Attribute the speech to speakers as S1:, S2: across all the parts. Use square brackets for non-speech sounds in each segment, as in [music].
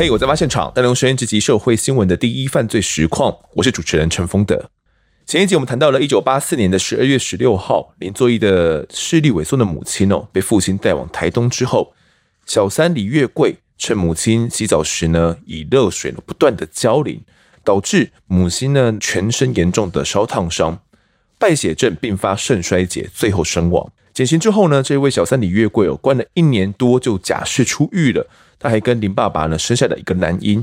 S1: 嘿、hey，我在案發現場帶您收看這集社會新聞的第一犯罪實況。我是主持人陳豐德。前一集我們談到了1984年的12月16號，林作逸的視力萎縮的母親哦，被父親帶往台東之後，小三李月桂趁母親洗澡時呢，以熱水不斷的澆淋，導致母親呢全身嚴重的燒燙傷、敗血症併發腎衰竭，最後身亡。減刑之後呢，這位小三李月桂哦，關了一年多就假釋出獄了。他還跟林爸爸呢生下了一個男嬰，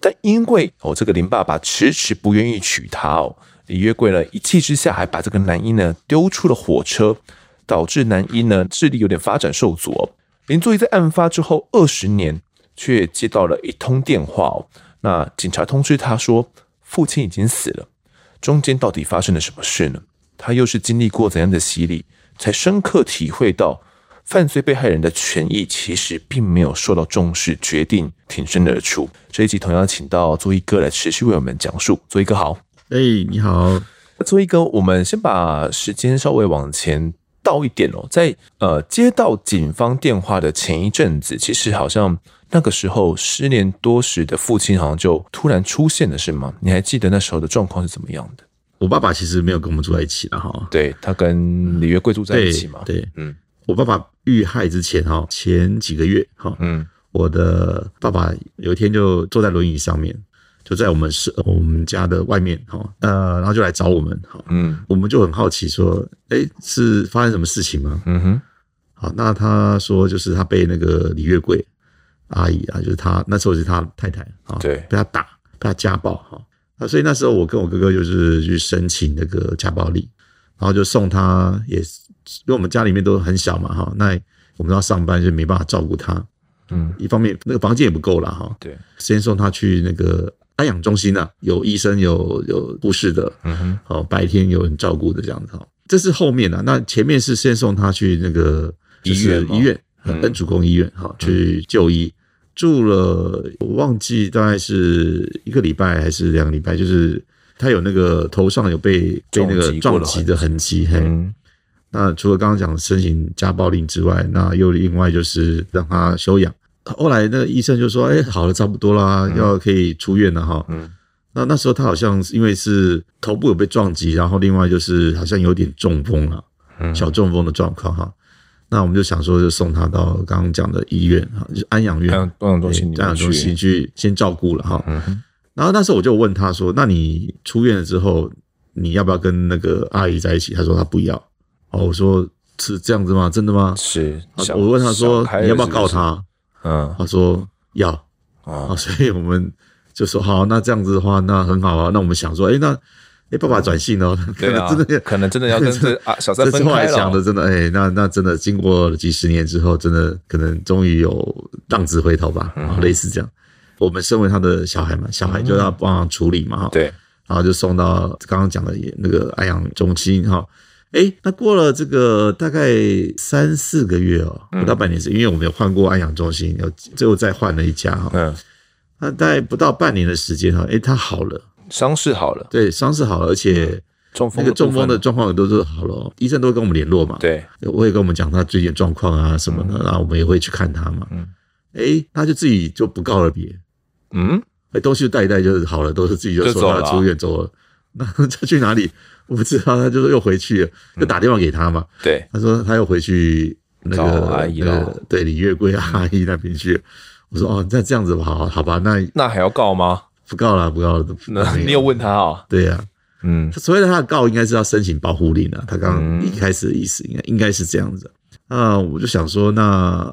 S1: 但因為哦這個林爸爸遲遲不願意娶她哦，李月桂呢一氣之下還把這個男嬰呢丟出了火車，導致男嬰呢智力有點發展受阻哦。林作義在案發之後二十年，卻接到了一通電話哦，那警察通知他說父親已經死了，中間到底發生了什麼事呢？他又是經歷過怎樣的洗禮，才深刻體會到？犯罪被害人的權益其實並沒有受到重視，決定挺身而出。這一集同樣請到作逸哥來持續為我們講述。作逸哥，好，哎、欸，你好。那作逸哥，我們先把時間稍微往前倒一點哦，在呃接到警方電話的前一陣子，其實好像那個時候失聯多時的父親，好像就突然出現了，是嗎？你還記得那時候的狀況
S2: 是怎麼樣的？我爸爸其實沒有跟我們住在一起的哈，對他跟李月桂住在一起嘛，嗯、對,對，嗯。我爸爸遇害之前，哈，前幾個月，哈，嗯，我的爸爸有一天就坐在輪椅上面，就在我們是我們家的外面，哈，呃，然後就來找我們，哈，嗯，我們就很好奇說，誒、欸，是發生什麼事情嗎？嗯哼，好，那他說就是他被那個李月桂阿姨啊，就是他那時候是他太太啊，對，被他打，被他家暴，哈，啊，所以那時候我跟我哥哥就是去申請那個家暴令，然後就送他也是。因為我們家裡面都很小嘛哈，那我們要上班就沒辦法照顧他，嗯，一方面那個房間也不夠了哈，
S1: 對，
S2: 先送他去那個安養中心啊，有醫生有有護士的，嗯哼，好，白天有人照顧的這樣子，這是後面啊，嗯、那前面是先送他去那個就是醫院醫院、嗯、恩主公醫院哈、嗯、去就醫，住了我忘記大概是一個禮拜還是兩個禮拜，就是他有那個頭上有被被那個撞擊的痕跡，嗯嘿那除了剛剛講的申請家暴令之外，那又另外就是讓他休養。後來那個醫生就說：“哎、欸，好了，差不多啦，嗯、要可以出院了哈。”嗯，那那時候他好像是因為是頭部有被撞擊，然後另外就是好像有點中風了，小中風的狀況哈。那我們就想說，就送他到剛剛講的醫院哈，就是安養院，安養中心，安養中心去，去，去先照顧了哈、嗯。然後那時候我就問他說：“那你出院了之後，你要不要跟那個阿姨在一起？”他說：“他不要。”哦，我說是這樣子嗎？真的嗎？是，啊、我問他說是是你要不要告他？嗯，他說要、哦、啊。所以我們就說好、哦，那這樣子的話，那很好啊。那我們想說，哎、欸，那哎、欸，爸爸轉性哦，嗯、可能真的、啊、可能真的可能真的要跟這、啊、小三分開、哦。後來想的真的，哎、欸，那那真的，經過了幾十年之後，真的可能終於有浪子回頭吧、嗯哦，類似這樣。我們身為他的小孩嘛，小孩就要他幫忙處理嘛，哈、嗯哦。對，然後就送到剛剛講的那個安養中心，哈、哦。哎、欸，那過了這個大概三四個月哦、喔，不到半年是，嗯、因為我們有換過安養中心，有最後再換了一家哈、喔。嗯，那大概不到半年的時間哈、喔，哎、欸，他好了，傷勢好了，對，傷勢好，了，而且中那個中風的狀況也都是好了、喔。嗯、醫生都跟會跟我們聯絡嘛，對，會跟我們講他最近狀況啊什麼的，嗯、然後我們也會去看他嘛。嗯、欸，哎，他就自己就不告而別，嗯，哎、欸，東西帶一帶就好了，都是自己就說他、啊、出院走了。那 [laughs] 他去哪裡？我不知道。他就說又回去了，嗯，又打電話給他嘛。對，他說他又回去那個阿姨，呃，對李月桂阿姨那邊去了。我說哦，那這樣子好，好吧？那那還要告嗎？不告了，不告了。那不告了，不告了，你有問他啊，哦？對呀、啊，嗯。所以他的告，應該是要申請保護令了，啊。他剛剛一開始的意思應，嗯，應該應該是這樣子。那我就想說那，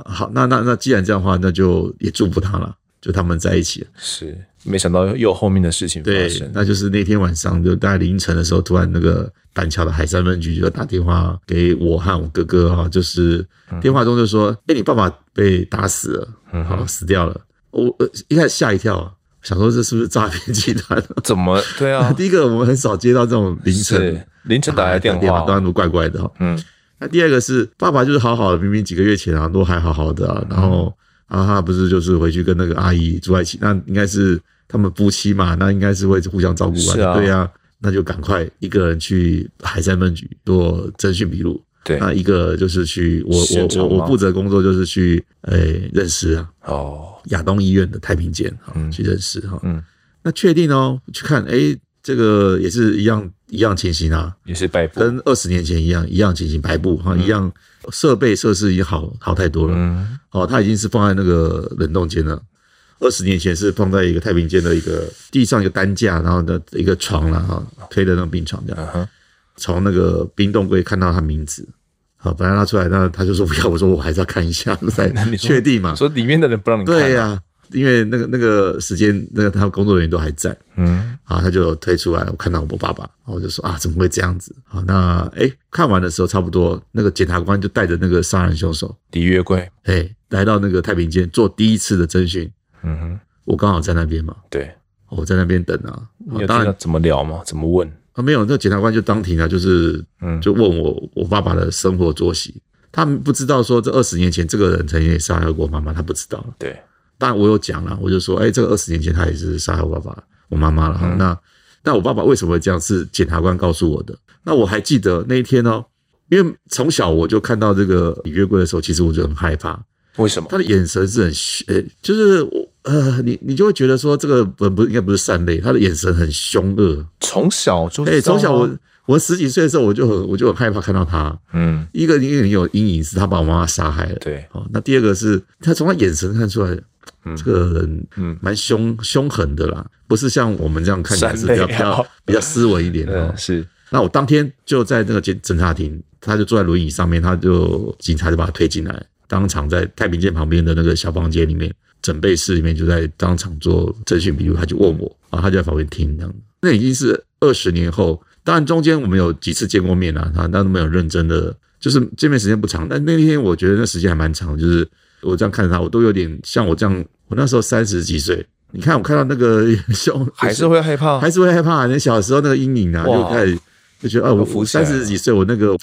S2: 那好，那那那，那既然這樣的話，那就也祝福他了。就他們在一起了，是沒想到又，又後面的事情發生。對。那就是那天晚上，就大概凌晨的時候，突然那個板橋的海山分局就打電話給我和我哥哥哈，就是電話中就說：“哎、嗯欸，你爸爸被打死了，嗯、好死掉了。我”我一開始嚇一跳，想說這是不是詐騙集團？怎麼對啊？第一個，我們很少接到這種凌晨是凌晨打來的電話，當然都怪怪的。嗯，那第二個是爸爸，就是好好的，明明幾個月前啊都還好好的、啊，然後。啊，他不是就是回去跟那個阿姨住在一起，那應該是他們夫妻嘛，那應該是會互相照顧吧、啊啊？對啊，那就趕快一個人去海山分局做偵訊筆錄。那一個就是去我我我我負責工作就是去誒、欸、認識啊，哦亞東醫院的太平間、嗯、去認識哈、嗯嗯啊，那確定哦去看誒。欸這個也是一樣一樣情形啊，也是白布，跟二十年前一樣一樣情形，白布哈、嗯，一樣設備設施也好好太多了。好、嗯哦，他已經是放在那個冷凍間了，二十年前是放在一個太平間的一個地上一個擔架，然後的一個床了、啊、哈，推的那種病床這樣。從、嗯、那個冰凍櫃看到他名字，好、哦，本來拉出來，那他就說不要，我說我還是要看一下，再、嗯、確定嘛
S1: 說。說裡面的人不讓你看、啊，對呀、
S2: 啊，因為那個那個時間，那個他們工作人員都還在，嗯。然後他就推出來了，我看到我爸爸，我就說啊，怎麼會這樣子？好，那哎、欸，看完的時候差不多，那個檢察官就帶着那個殺人兇手李月貴，哎、欸，來到那個太平間做第一次的偵訊。嗯
S1: 哼，
S2: 我剛好在那邊嘛，對，我在那邊等啊。當然，你怎麼聊嘛？怎麼問？啊，沒有，那檢察官就當庭啊，就是嗯，就問我我爸爸的生活作息。他們不知道說這二十年前這個人曾經也殺害過媽媽，媽媽他不知道。對，當然我有講了，我就說，哎、欸，這個二十年前他也是殺害我爸爸。我媽媽了哈、嗯，那那我爸爸為什麼會這樣？是檢察官告訴我的。那我還記得那一天呢、哦，因為從小我就看到這個李月桂的時候，其實我就很害怕。為什麼？他的眼神是很呃、欸，就是我呃，你你就會覺得說這個不不應該不是善類，他的眼神很凶惡。從小就哎、啊，從、欸、小我我十幾歲的時候我就很，我就我就很害怕看到他。嗯，一個因為很有陰影是他把我媽媽殺害了，對。好、哦，那第二個是他從他眼神看出來這個、很嗯，這個人嗯蠻凶凶狠的啦，不是像我們這樣看起來是比較比較斯文一點的，哦嗯。是，那我當天就在那個偵偵查庭，他就坐在輪椅上面，他就警察就把他推進來，當場在太平間旁邊的那個小房間裡面，準備室裡面就在當場做偵訊筆錄，他就問我啊，他就在旁邊聽這樣。那已經是二十年後，當然中間我們有幾次見過面啦、啊，他那都沒有認真的，就是見面時間不長，但那天我覺得那時間還蠻長，就是我這樣看着他，我都有點像我這樣。我那時候三十幾歲，你看我看到那個還是會害怕，還是會害怕。那小時候那個陰影啊，就開始就覺得啊、哎，我三十幾歲，我那個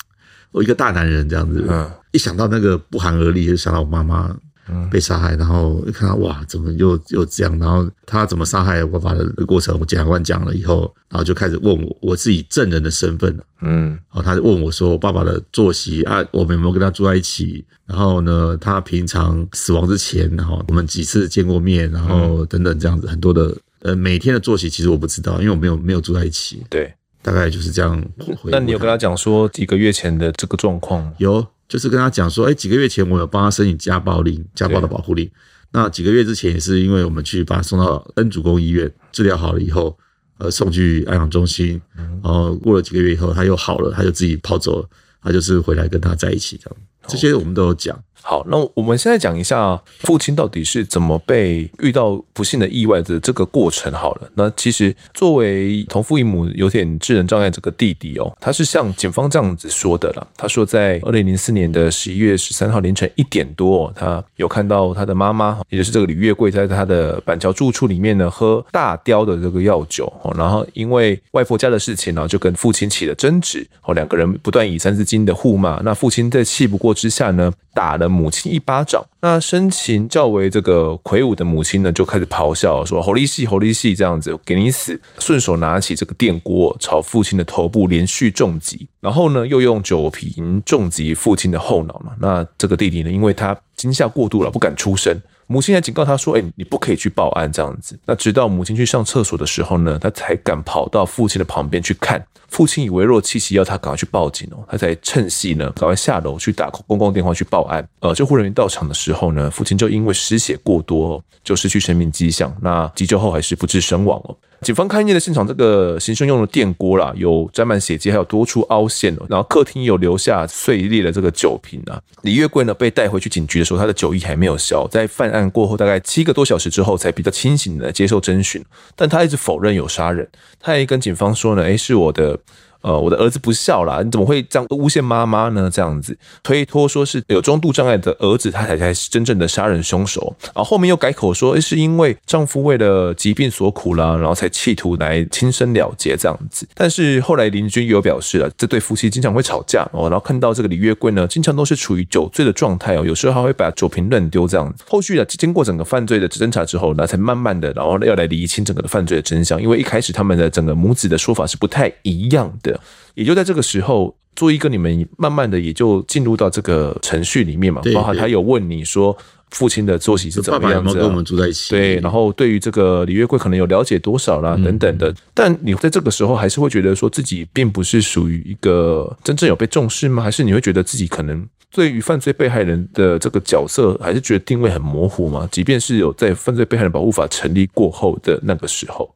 S2: 我一個大男人這樣子、嗯，一想到那個不寒而慄，就想到我媽媽。嗯、被殺害，然後一看到哇，怎麼又又這樣？然後他怎麼殺害我爸爸的過程，檢察官講了以後，然後就開始問我，我是以證人的身份。嗯，然後他就問我說，我爸爸的作息啊，我們有沒有跟他住在一起？然後呢，他平常死亡之前，然後我們幾次見過面，然後等等這樣子很多的，呃，每天的作息其實我不知道，因為我沒有沒有住在一起。嗯、對。大概就是這樣。那你有跟他講說幾個月前的這個狀況嗎？有，就是跟他講說，哎、欸，幾個月前我有幫他申請家暴令、家暴的保護令。那幾個月之前也是，因為我們去把他送到恩主公醫院治療好了以後，呃，送去安養中心、嗯。然後過了幾個月以後，他又好了，他就自己跑走了，他就是回來跟他在一起這樣。這些我們都有講。好，那我們現在講一下父親到底是怎麼被
S1: 遇到不幸的意外的這個過程。好了，那其實作為同父異母有點智能障礙的這個弟弟哦，他是像警方這樣子說的啦。他說，在二零零四年的十一月十三號凌晨一點多，他有看到他的媽媽，也就是這個李月桂，在他的板橋住處裡面呢，喝大雕的這個藥酒。然後因為外婆家的事情，然後就跟父親起了爭執。哦，兩個人不斷以三字經的互罵。那父親在氣不過之下呢，打了母親一巴掌，那身形較為這個魁梧的母親呢，就開始咆哮說：“猴利戲，猴利戲，這樣子給你死！”順手拿起這個電鍋，朝父親的頭部連續重擊，然後呢，又用酒瓶重擊父親的後腦嘛。那這個弟弟呢，因為他驚嚇過度了，不敢出聲。母親還警告他說：“誒，你不可以去報案這樣子。”那直到母親去上廁所的時候呢，他才敢跑到父親的旁邊去看。父親以微弱氣息要他趕快去報警哦，他才趁隙呢，趕快下樓去打公共電話去報案。呃，救護人員到場的時候呢，父親就因為失血過多，就失去生命跡象。那急救後還是不治身亡了。警方勘驗的現場，這個行兇用的電鍋啦，有沾滿血跡，還有多處凹陷。然後客廳有留下碎裂的這個酒瓶啊。李月桂呢，被帶回去警局的時候，他的酒意還沒有消，在犯案過後大概七個多小時之後，才比較清醒的接受偵訊。但他一直否認有殺人，他也跟警方說呢，誒，是我的。呃，我的兒子不孝啦，你怎麼會這樣誣陷媽媽呢？這樣子推脫說是有中度障礙的兒子，他才才是真正的殺人兇手。然後後面又改口說，誒，是因為丈夫為了疾病所苦啦，然後才企圖來輕生了結這樣子。但是後來鄰居又有表示了，這對夫妻經常會吵架哦，然後看到這個李月桂呢，經常都是處於酒醉的狀態哦，有時候還會把酒瓶亂丟這樣子。後續呢，經過整個犯罪的偵查之後，那才慢慢的，然後要來理清整個的犯罪的真相，因為一開始他們的整個母子的說法是不太一樣的。也就在這個時候，作逸跟你們慢慢的也就進入到這個程序裡面嘛，對對對，包括他有問你說父親的作息是怎麼樣子，爸爸沒有跟我們住在一起。對，然後對於這個李月桂可能有了解多少啦，嗯、等等的。但你在這個時候還是會覺得說自己並不是屬於一個真正有被重視嗎？還是你會覺得自己可能對於犯罪被害人的這個角色，還是覺得定位很模糊嗎？即便是有在犯罪被害人保護法成
S2: 立過後的那個時候。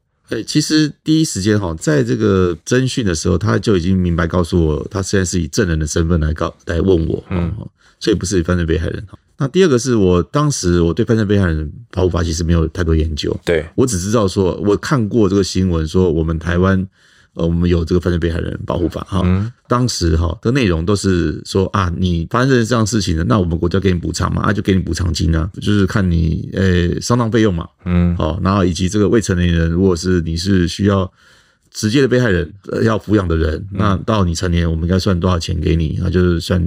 S2: 其實第一時間哈，在這個偵訊的時候，他就已經明白告訴我，他現在是以證人的身份來告來問我，嗯，所以不是犯罪被害人哈。那第二個是我當時我對犯罪被害人保護法其實沒有太多研究，對，我只知道說我看過這個新聞說我們台灣。呃，我們有這個犯罪被害人保護法哈、嗯，當時哈，的內容都是說啊，你發生這樣事情的，那我們國家給你補償嘛，啊，就給你補償金啊，就是看你呃喪葬費用嘛，嗯，好，然後以及這個未成年人，如果是你是需要直接的被害人、呃、要撫養的人，嗯、那到你成年，我們應該算多少錢給你？啊，就是算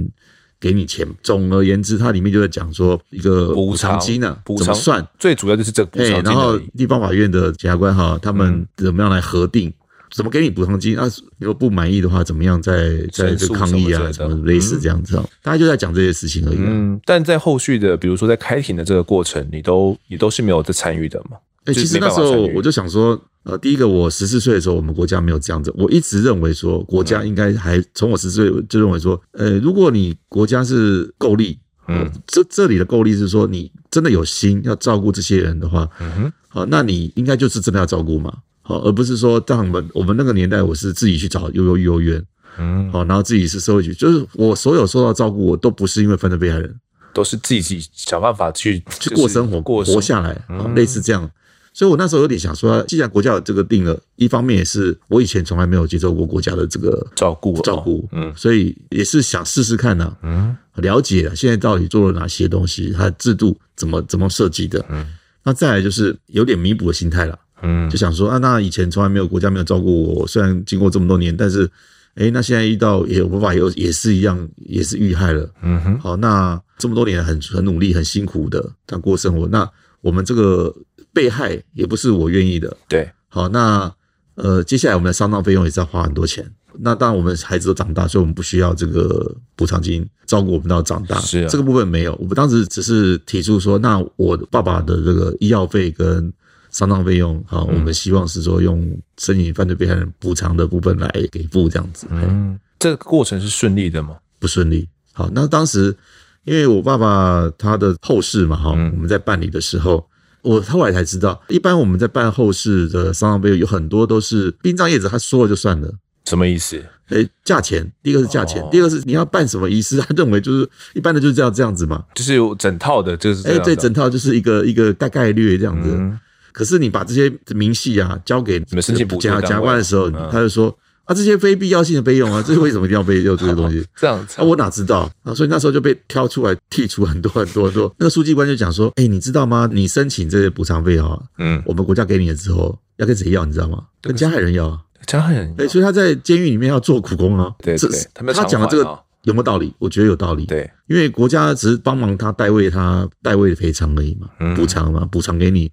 S2: 給你錢。總而言之，它裡面就在講說一個補償金呢、啊，怎麼算？
S1: 最主要就是這個補償金。補償金、欸。
S2: 然後地方法院的檢察官哈，他們怎麼樣來核定？嗯怎麼給你補償金啊？如果不滿意的話，怎麼樣再？再再就抗議啊什？什麼類似這樣子？嗯、大家就在講
S1: 這些事情而已。嗯，但在後續的，比如說在開庭的這個過程，你都你都是沒有在參與的嘛？哎、欸，其實那時候我
S2: 就想說，呃，第一個，我十四歲的時候，我們國家沒有這樣子。我一直認為說，國家應該還從我十四歲就認為說、嗯，呃，如果你國家是夠力，嗯、呃，這這裡的夠力是說你真的有心要照顧這些人的話，嗯哼，啊、呃，那你應該就是真的要照顧嘛。哦，而不是說在我們我們那個年代，我是自己去找幼幼育幼院，嗯，然後自己是社會局，就是我所有受到照顧，我都不是因為犯罪被害人，都是自己，自己
S1: 想辦法去去過生活，過生活下來、嗯，類
S2: 似這樣。所以我那時候有點想說，既然國家有這個定額，一方面也是我以前從來沒有接受過國家的這個照顧照顧、哦，嗯，所以也是想試試看吶、啊，嗯，了解、啊、現在到底做了哪些東西，它的制度怎麼怎麼設計的，嗯，那再來就是有點彌補的心態了。嗯，就想說啊，那以前從來沒有國家沒有照顧我，雖然經過這麼多年，但是，誒、欸、那現在遇到也無法有，也是一樣，也是遇害了。嗯哼，好，那這麼多年很很努力、很辛苦的這樣過生活，那我們這個被害也不是我願意的。對，好，那呃，接下來我們的喪葬費用也是要花很多錢。那當然，我們孩子都長大，所以我們不需要這個補償金照顧我們到長大。是啊，這個部分沒有，我們當時只是提出說，那我爸爸的這個醫藥費跟。喪葬費用，好，我們希望是說用申請犯罪被害人補償的部分來給付這樣子。嗯，這個過程是順利的嗎？不順利。好，那當時因為我爸爸他的後事嘛，哈、嗯，我們在辦理的時候，我後來才知道，一般我們在辦後事的喪葬費用有很多都是殯葬業者他說了就算了。什麼意思？誒，價錢。第一個是價錢，哦，第二個是你要辦什麼儀式，他認為就是一般的，就是要這樣子嘛，
S1: 就是有整套的，就是這誒對，最整
S2: 套就是一個一個大概率這樣子。嗯可是你把這些明細啊，交給你們申請補償，加官的時候，他就說啊，這些非必要性的費用啊，這是為什麼一定要被要這個東西？這樣子。啊我哪知道啊？所以那時候就被挑出來剔除很多很多。多。那個書記官就講說，哎，你知道嗎？你申請這些補償費啊，嗯，我們國家給你的時候要跟誰要？你知道嗎？跟加害人要啊。加害人。對，所以他在監獄裡面要做苦工啊。對對他講的這個。有沒有道理？我覺得有道理。對，因為國家只是幫忙他代位，他代位賠償而已嘛，補、嗯、償嘛，補償給你。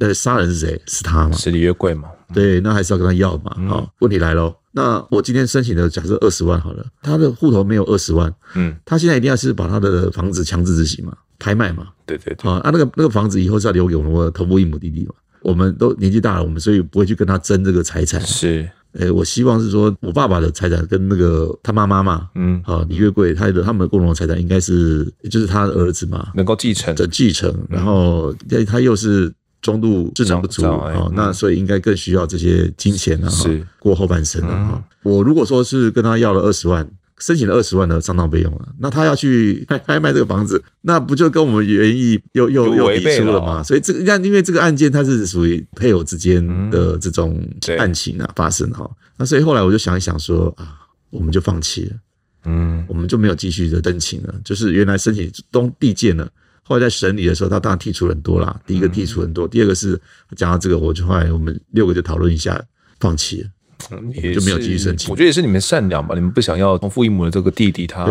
S2: 是、呃、殺人是誰？是他嘛？是李月桂嘛？對，那還是要跟他要嘛。嗯、好，問題來了。那我今天申請的假設二十萬好了，他的戶頭沒有二十萬。嗯，他現在一定要是把他的房子強制執行嘛，拍賣嘛。對對、對。啊，那那個那個房子以後是要留給我們我的同父異母弟弟嘛？我們都年紀大了，我們所以不會去跟他爭這個財產。是。誒，我希望是說，我爸爸的財產跟那個他媽媽嘛，嗯，好李月桂，他的他們的共同的財產應該是，就是他的兒子嘛，能夠繼承的繼承，嗯、然後他他又是中度智能不足啊、哦嗯，那所以應該更需要這些金錢啊，是啊過後半生啊、嗯、啊，我如果說是跟他要了二十萬。申請了二十萬的喪葬費用了。那他要去拍拍賣這個房子，那不就跟我們原意又又又抵觸了嘛？所以這個，因為這個案件它是屬於配偶之間的這種案情啊、嗯、發生哈。那所以後來我就想一想說啊，我們就放棄了，嗯，我們就沒有繼續的申請了。就是原來申請東地界呢，後來在審理的時候，他當然剔除很多啦，第一個剔除很多、嗯，第二個是講到這個，我就後來我們六個就討論一下，放棄了。
S1: 嗯，也就沒有繼續申請，我覺得也是你們善良吧，你們不想要同父異母的這個弟弟，他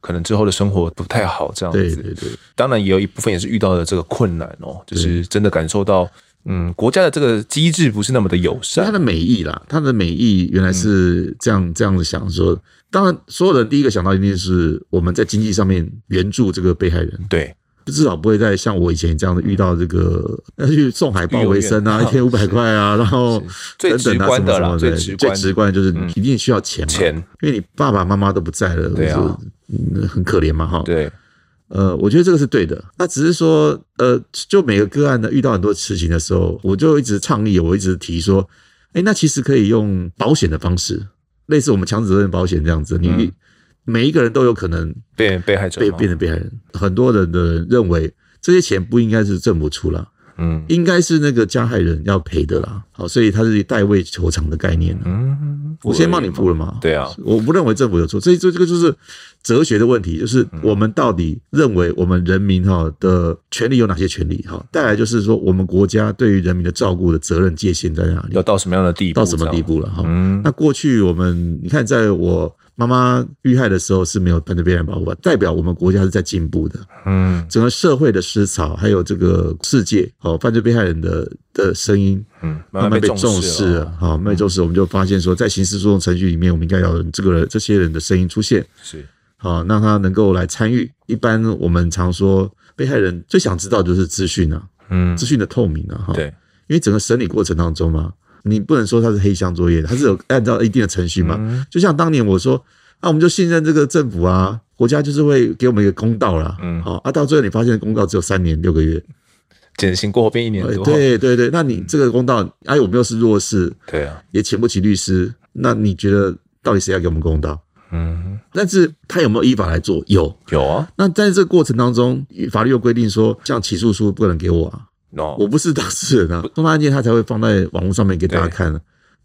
S1: 可能之後的生活不太好，這樣子。對對對，當然也有一部分也是遇到了這個困難哦，對對對，就是真的感受到，
S2: 嗯，國家的這個機制不是那麼的友善。他的美意啦，他的美意原來是這樣、嗯、這樣子想說，當然，所有人第一個想到一定是我們在經濟上面援助這個被害人。對。不至少不會再像我以前這樣的遇到這個要去送海報為生啊，一天五百塊啊，然後等等啊，什麼什麼的，最直觀的就是一定需要錢錢，因為你爸爸媽媽都不在了，對，很可憐嘛哈。對，呃，我覺得這個是對的。那只是說，呃，就每個個案呢，遇到很多事情的時候，我就一直倡議，我一直提說、欸，誒那其實可以用保險的方式，類似我們強制責任保險這樣子，你。每一個人都有可能被被害者，被變成被害人。很多人的認為，這些錢不應該是政府出了，嗯，應該是那個加害人要賠的啦。好，所以它是代位求償的概念。嗯，我先幫你付了嘛。對啊，我不認為政府有錯。所以，這這個就是哲學的問題，就是我們到底認為我們人民哈的權利有哪些權利？哈，帶來就是說，我們國家對於人民的照顧的責任界限在哪裡？要到什麼樣的地步，到什麼地步了？哈、嗯嗯，那過去我們你看，在我。媽媽遇害的時候是沒有犯罪被害人保護法，代表我們國家是在進步的。嗯，整個社會的思潮，還有這個世界哦、喔，犯罪被害人的的聲音，嗯，慢慢被重視了。好、嗯，慢慢被重視、哦哦慢慢被重視，嗯，我們就發現說，在刑事訴訟程序裡面，我們應該要有這個人，這些人的聲音出現。
S1: 是，
S2: 好、喔，讓他能夠來參與。一般我們常說，被害人最想知道的就是資訊啊，嗯，資訊的透明啊，哈。對，因為整個審理過程當中嘛、啊。你不能說他是黑箱作業，他是有按照一定的程序嘛。嗯、就像當年我說，那、啊、我們就信任這個政府啊，國家就是會給我們一個公道啦。嗯，好，啊，到最後你發現公道只有三年六個月，減刑過後變一年多。對對對，那你這個公道，嗯、哎，我們又是弱勢，對啊，也請不起律師，那你覺得到底誰要給我們公道？嗯，但是他有沒有依法來做？有有啊。那在這個過程當中，法律又規定說，像起訴書不能給我啊。No, 我不是當事人啊，通常案件他才會放在網絡上面給大家看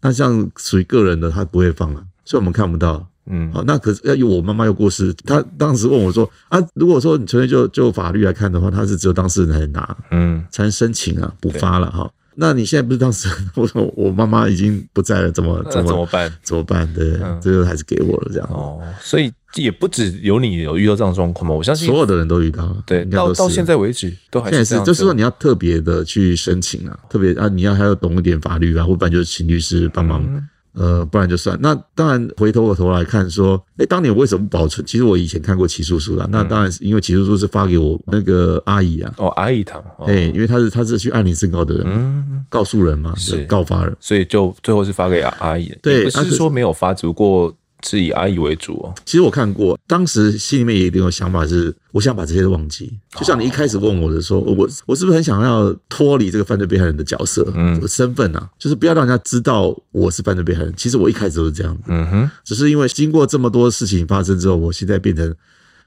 S2: 那、啊、像屬於個人的，他不會放啊，所以我們看不到。嗯，好，那可是媽媽，要有我媽媽又過世，她當時問我說啊，如果說你純粹就就法律來看的話，他是只有當事人才能拿，嗯，才能申請啊，補發了哈。那你現在不是當事人，我說我媽媽已經不在了，怎麼怎麼、啊、怎麼辦？怎麼辦？對，這、嗯、就還是給我了這樣。哦，所以。
S1: 也不只有你有遇到這樣狀況嘛？我相信所有的人都遇到
S2: 了。對，到到現在為止都還是，是，就是說你要特別的去申請啊，特別啊，你要還要懂一點法律啊，要不然就是請律師幫忙、嗯，呃，不然就算。那當然，回頭過頭來看說，誒、欸，當年我為什麼保存？其實我以前看過起訴書啦。那當然是因為起訴書是發給我那個阿姨啊。哦，阿姨她。誒、哦，因為他是他是去按鈴申告的人、啊嗯，告訴人嘛，是告發人，所以就最後是發給阿阿姨的。對，不是說沒有發，只不過。是以阿姨為主哦。其實我看過，當時心裡面也一定有想法是，是我想把這些都忘記。就像你一開始問我的說，哦、我我是不是很想要脫離這個犯罪被害人的角色、嗯身份啊？就是不要讓人家知道我是犯罪被害人。其實我一開始都是這樣子，嗯哼。只是因為經過這麼多事情發生之後，我現在變成，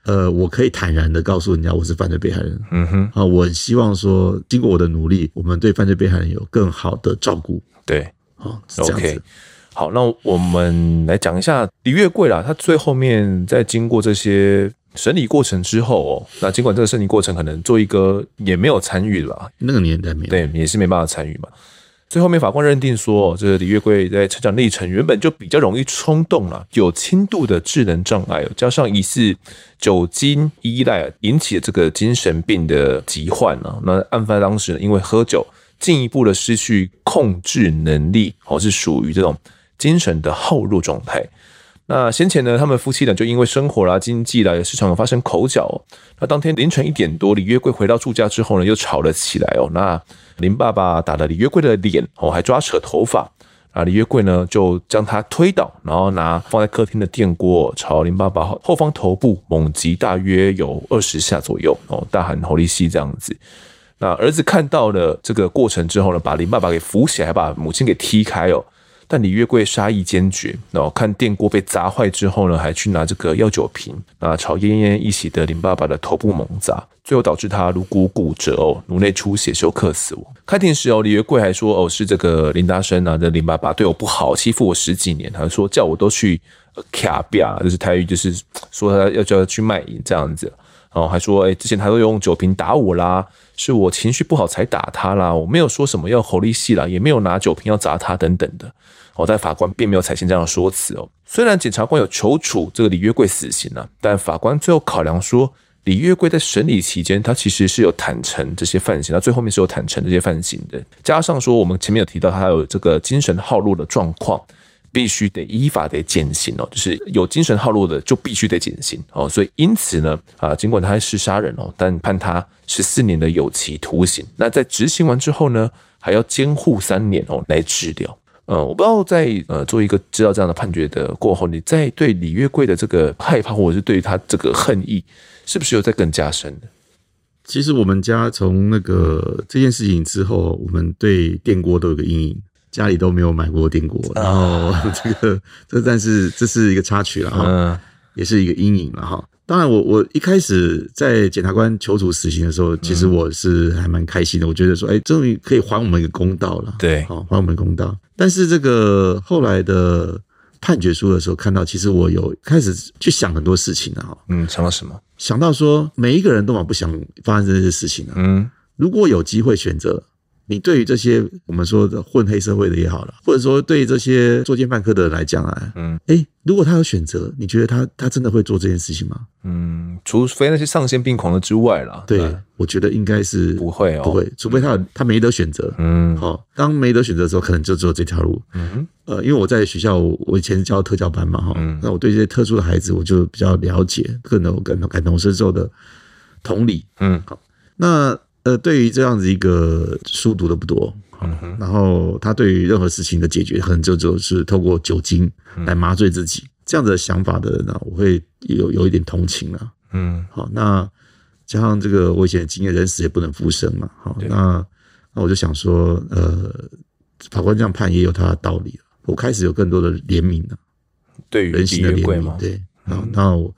S2: 呃，我可以坦然的告訴人家我是犯罪被害人，嗯哼。啊，我很希望說，經過我的努力，我們對犯罪被害人有更好的照顧，
S1: 對、啊，是這樣子。Okay. 好，那我們來講一下李月桂啦。他最後面在經過這些審理過程之後，哦，那儘管這個審理過程可能做一個也沒有參與吧，
S2: 那個年代
S1: 沒。對，也是沒辦法參與嘛。最後面法官認定說，這個李月桂在成長歷程原本就比較容易衝動了，有輕度的智能障礙，哦，加上疑似酒精依賴引起的這個精神病的疾患了，哦。那案發當時因為喝酒，進一步的失去控制能力，哦，是屬於這種。精神的耗弱狀態。那先前呢，他們夫妻倆就因為生活啦、經濟啦、時常有發生口角。那當天凌晨一點多，李約貴回到住家之後呢，又吵了起來哦。那林爸爸打了李約貴的臉哦，還抓扯頭髮。啊，李約貴呢就將他推倒，然後拿放在客廳的電鍋朝林爸爸後方頭部猛擊，大約有二十下左右哦，大喊“侯利西”這樣子。那兒子看到了這個過程之後呢，把林爸爸給扶起來，還把母親給踢開哦。但李月桂殺意堅決，然後看電鍋被砸壞之後呢，還去拿這個藥酒瓶，啊，朝奄奄一息的林爸爸的頭部猛砸，最後導致他顱骨骨折哦，顱內出血休克死亡。開庭時哦，李月桂還說哦，是這個林大生拿、啊、着、這個、林爸爸對我不好，欺負我十幾年，他說叫我都去卡吧、呃，就是台語，就是說他要叫他去賣淫這樣子，然、哦、後還說誒、欸、之前他都用酒瓶打我啦。是我情緒不好才打他啦，我沒有說什麼要吼利息啦，也沒有拿酒瓶要砸他等等的。好，但法官並沒有採信這樣的說辭哦。雖然檢察官有求處這個李月桂死刑呢、啊，但法官最後考量說，李月桂在審理期間他其實是有坦承這些犯行，他最後面是有坦承這些犯行的，加上說我們前面有提到他有這個精神耗弱的狀況。必須得依法得減刑哦，就是有精神耗弱的就必須得減刑哦，所以因此呢啊，儘管他是殺人哦，但判他十四年的有期徒刑。那在執行完之後呢，還要監護三年哦，來治療。呃、嗯，我不知道在呃做一個知道這樣的判決的過後，你在對李月桂的這個害怕，或者是對他這個恨意，是不是又在更
S2: 加深？其實我們家從那個這件事情之後，我們對電鍋都有一個陰影。家裡都沒有買過電鍋，然後這個這但是這是一個插曲了哈，也是一個陰影了哈。當然我，我我一開始在檢察官求處死刑的時候，其實我是還蠻開心的，我覺得說，哎、欸，終於可以還我們一個公道了。對，好、哦、還我們一個公道。但是這個後來的判決書的時候，看到其實我有開始去想很多事情了哈。嗯，想到什麼？想到說每一個人都蠻不想發生這些事情的。嗯，如果有機會選擇。你對於這些我們說的混黑社會的也好啦，或者說對於這些作奸犯科的人來講啊，嗯、欸，哎，如果他有選擇，你覺得他他真的會做這件事情嗎？嗯，
S1: 除非那些喪心
S2: 病狂的之外啦，對，我覺得應該是不會，不會哦，不會，除非他、嗯、他沒得選擇，嗯、哦，好，當沒得選擇的時候，可能就只有這條路，嗯，呃，因為我在學校，我以前是教特教班嘛，哈，那我對這些特殊的孩子，我就比較了解，更能感同身受的同理，嗯，好，那。呃，對於這樣子一個書讀的不多，嗯，然後他對於任何事情的解決，可能就就是透過酒精來麻醉自己，嗯，這樣子的想法的人呢，我會有有一點同情了。嗯，好，那加上這個危險的經驗，人死也不能復生嘛。好，那那我就想說，呃，法官這樣判也有他的道理。我開始有更多的憐憫了，對於人性的憐憫，對，嗯。然後，那我。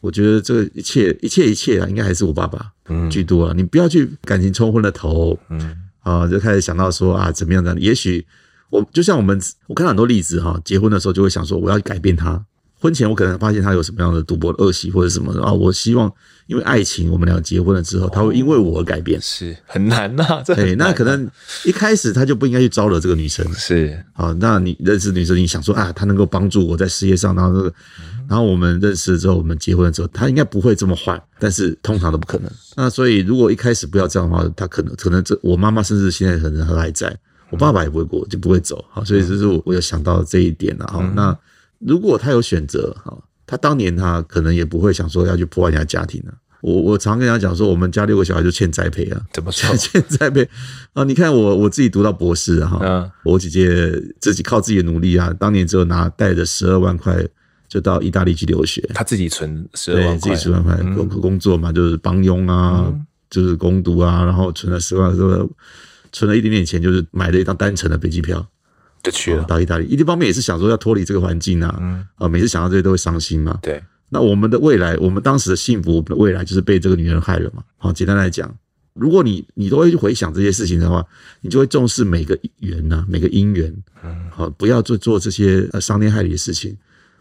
S2: 我覺得這個一切一切一切啊，應該還是我爸爸嗯，居多啊。你不要去感情沖昏了頭，嗯，啊，就開始想到說啊，怎麼樣？怎麼樣？也許我就像我們，我看到很多例子哈，結婚的時候就會想說，我要改變他。婚前我可能發現他有什麼樣的賭博惡習或者什麼啊，我希望因為愛情，我們倆結婚了之後，他會因為我而改變。哦，是很難吶，啊，對，啊，欸，那可能一開始他就不應該去招惹這個女生。是啊，那你認識女生，你想說啊，他能夠幫助我在事業上，然後那個。然後我們認識之後，我們結婚之後，他應該不會這麼壞，但是通常都不可能。可能那所以如果一開始不要這樣的話，他可能可能這我媽媽甚至現在可能還在、嗯，我爸爸也不會過就不會走。好、嗯，所以這是我有想到這一點了哈、嗯。那如果他有選擇哈，他當年他可能也不會想說要去破壞人家家庭了，我我常跟他講說，我們家六個小孩就欠栽培啊，怎麼說欠栽培啊？哦，你看我我自己讀到博士哈、嗯，我姐姐自己靠自己的努力啊，當年只有拿帶着十二萬塊。就到意大利去留學，他自己存十萬塊，自己十萬塊工、嗯、工作嘛，就是幫傭啊，嗯、就是工讀啊，然後存了十萬，是存了一點點錢，就是買了一張單程的飛機票就去了、哦、到意大利。一方面也是想說要脫離這個環境啊，啊、嗯呃，每次想到這些都會傷心嘛。對，那我們的未來，我們當時的幸福，未來就是被這個女人害了嘛。好、哦，簡單來講，如果你你都會回想這些事情的話，你就會重視每個緣吶、啊，每個姻緣，好、嗯哦，不要做做這些傷天害理的事情。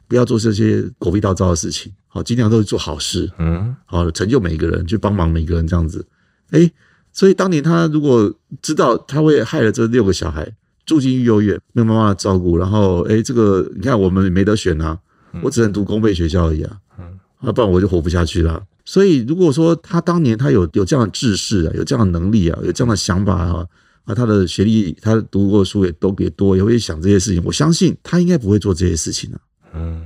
S2: 不要做這些狗屁倒灶的事情，好，盡量都是做好事，嗯，好，成就每一個人，去幫忙每一個人，這樣子，誒、欸、所以當年他如果知道他會害了這六個小孩住進育幼院，沒有媽媽照顧，然後，誒、欸、這個你看我們沒得選啊，我只能讀公費學校而已啊，嗯，不然我就活不下去了。所以如果說他當年他有有這樣的智識啊，有這樣的能力啊，有這樣的想法啊，啊，他的學歷他讀過書也都別多，也會想這些事情，我相信他應該不會做這些事情啊。嗯，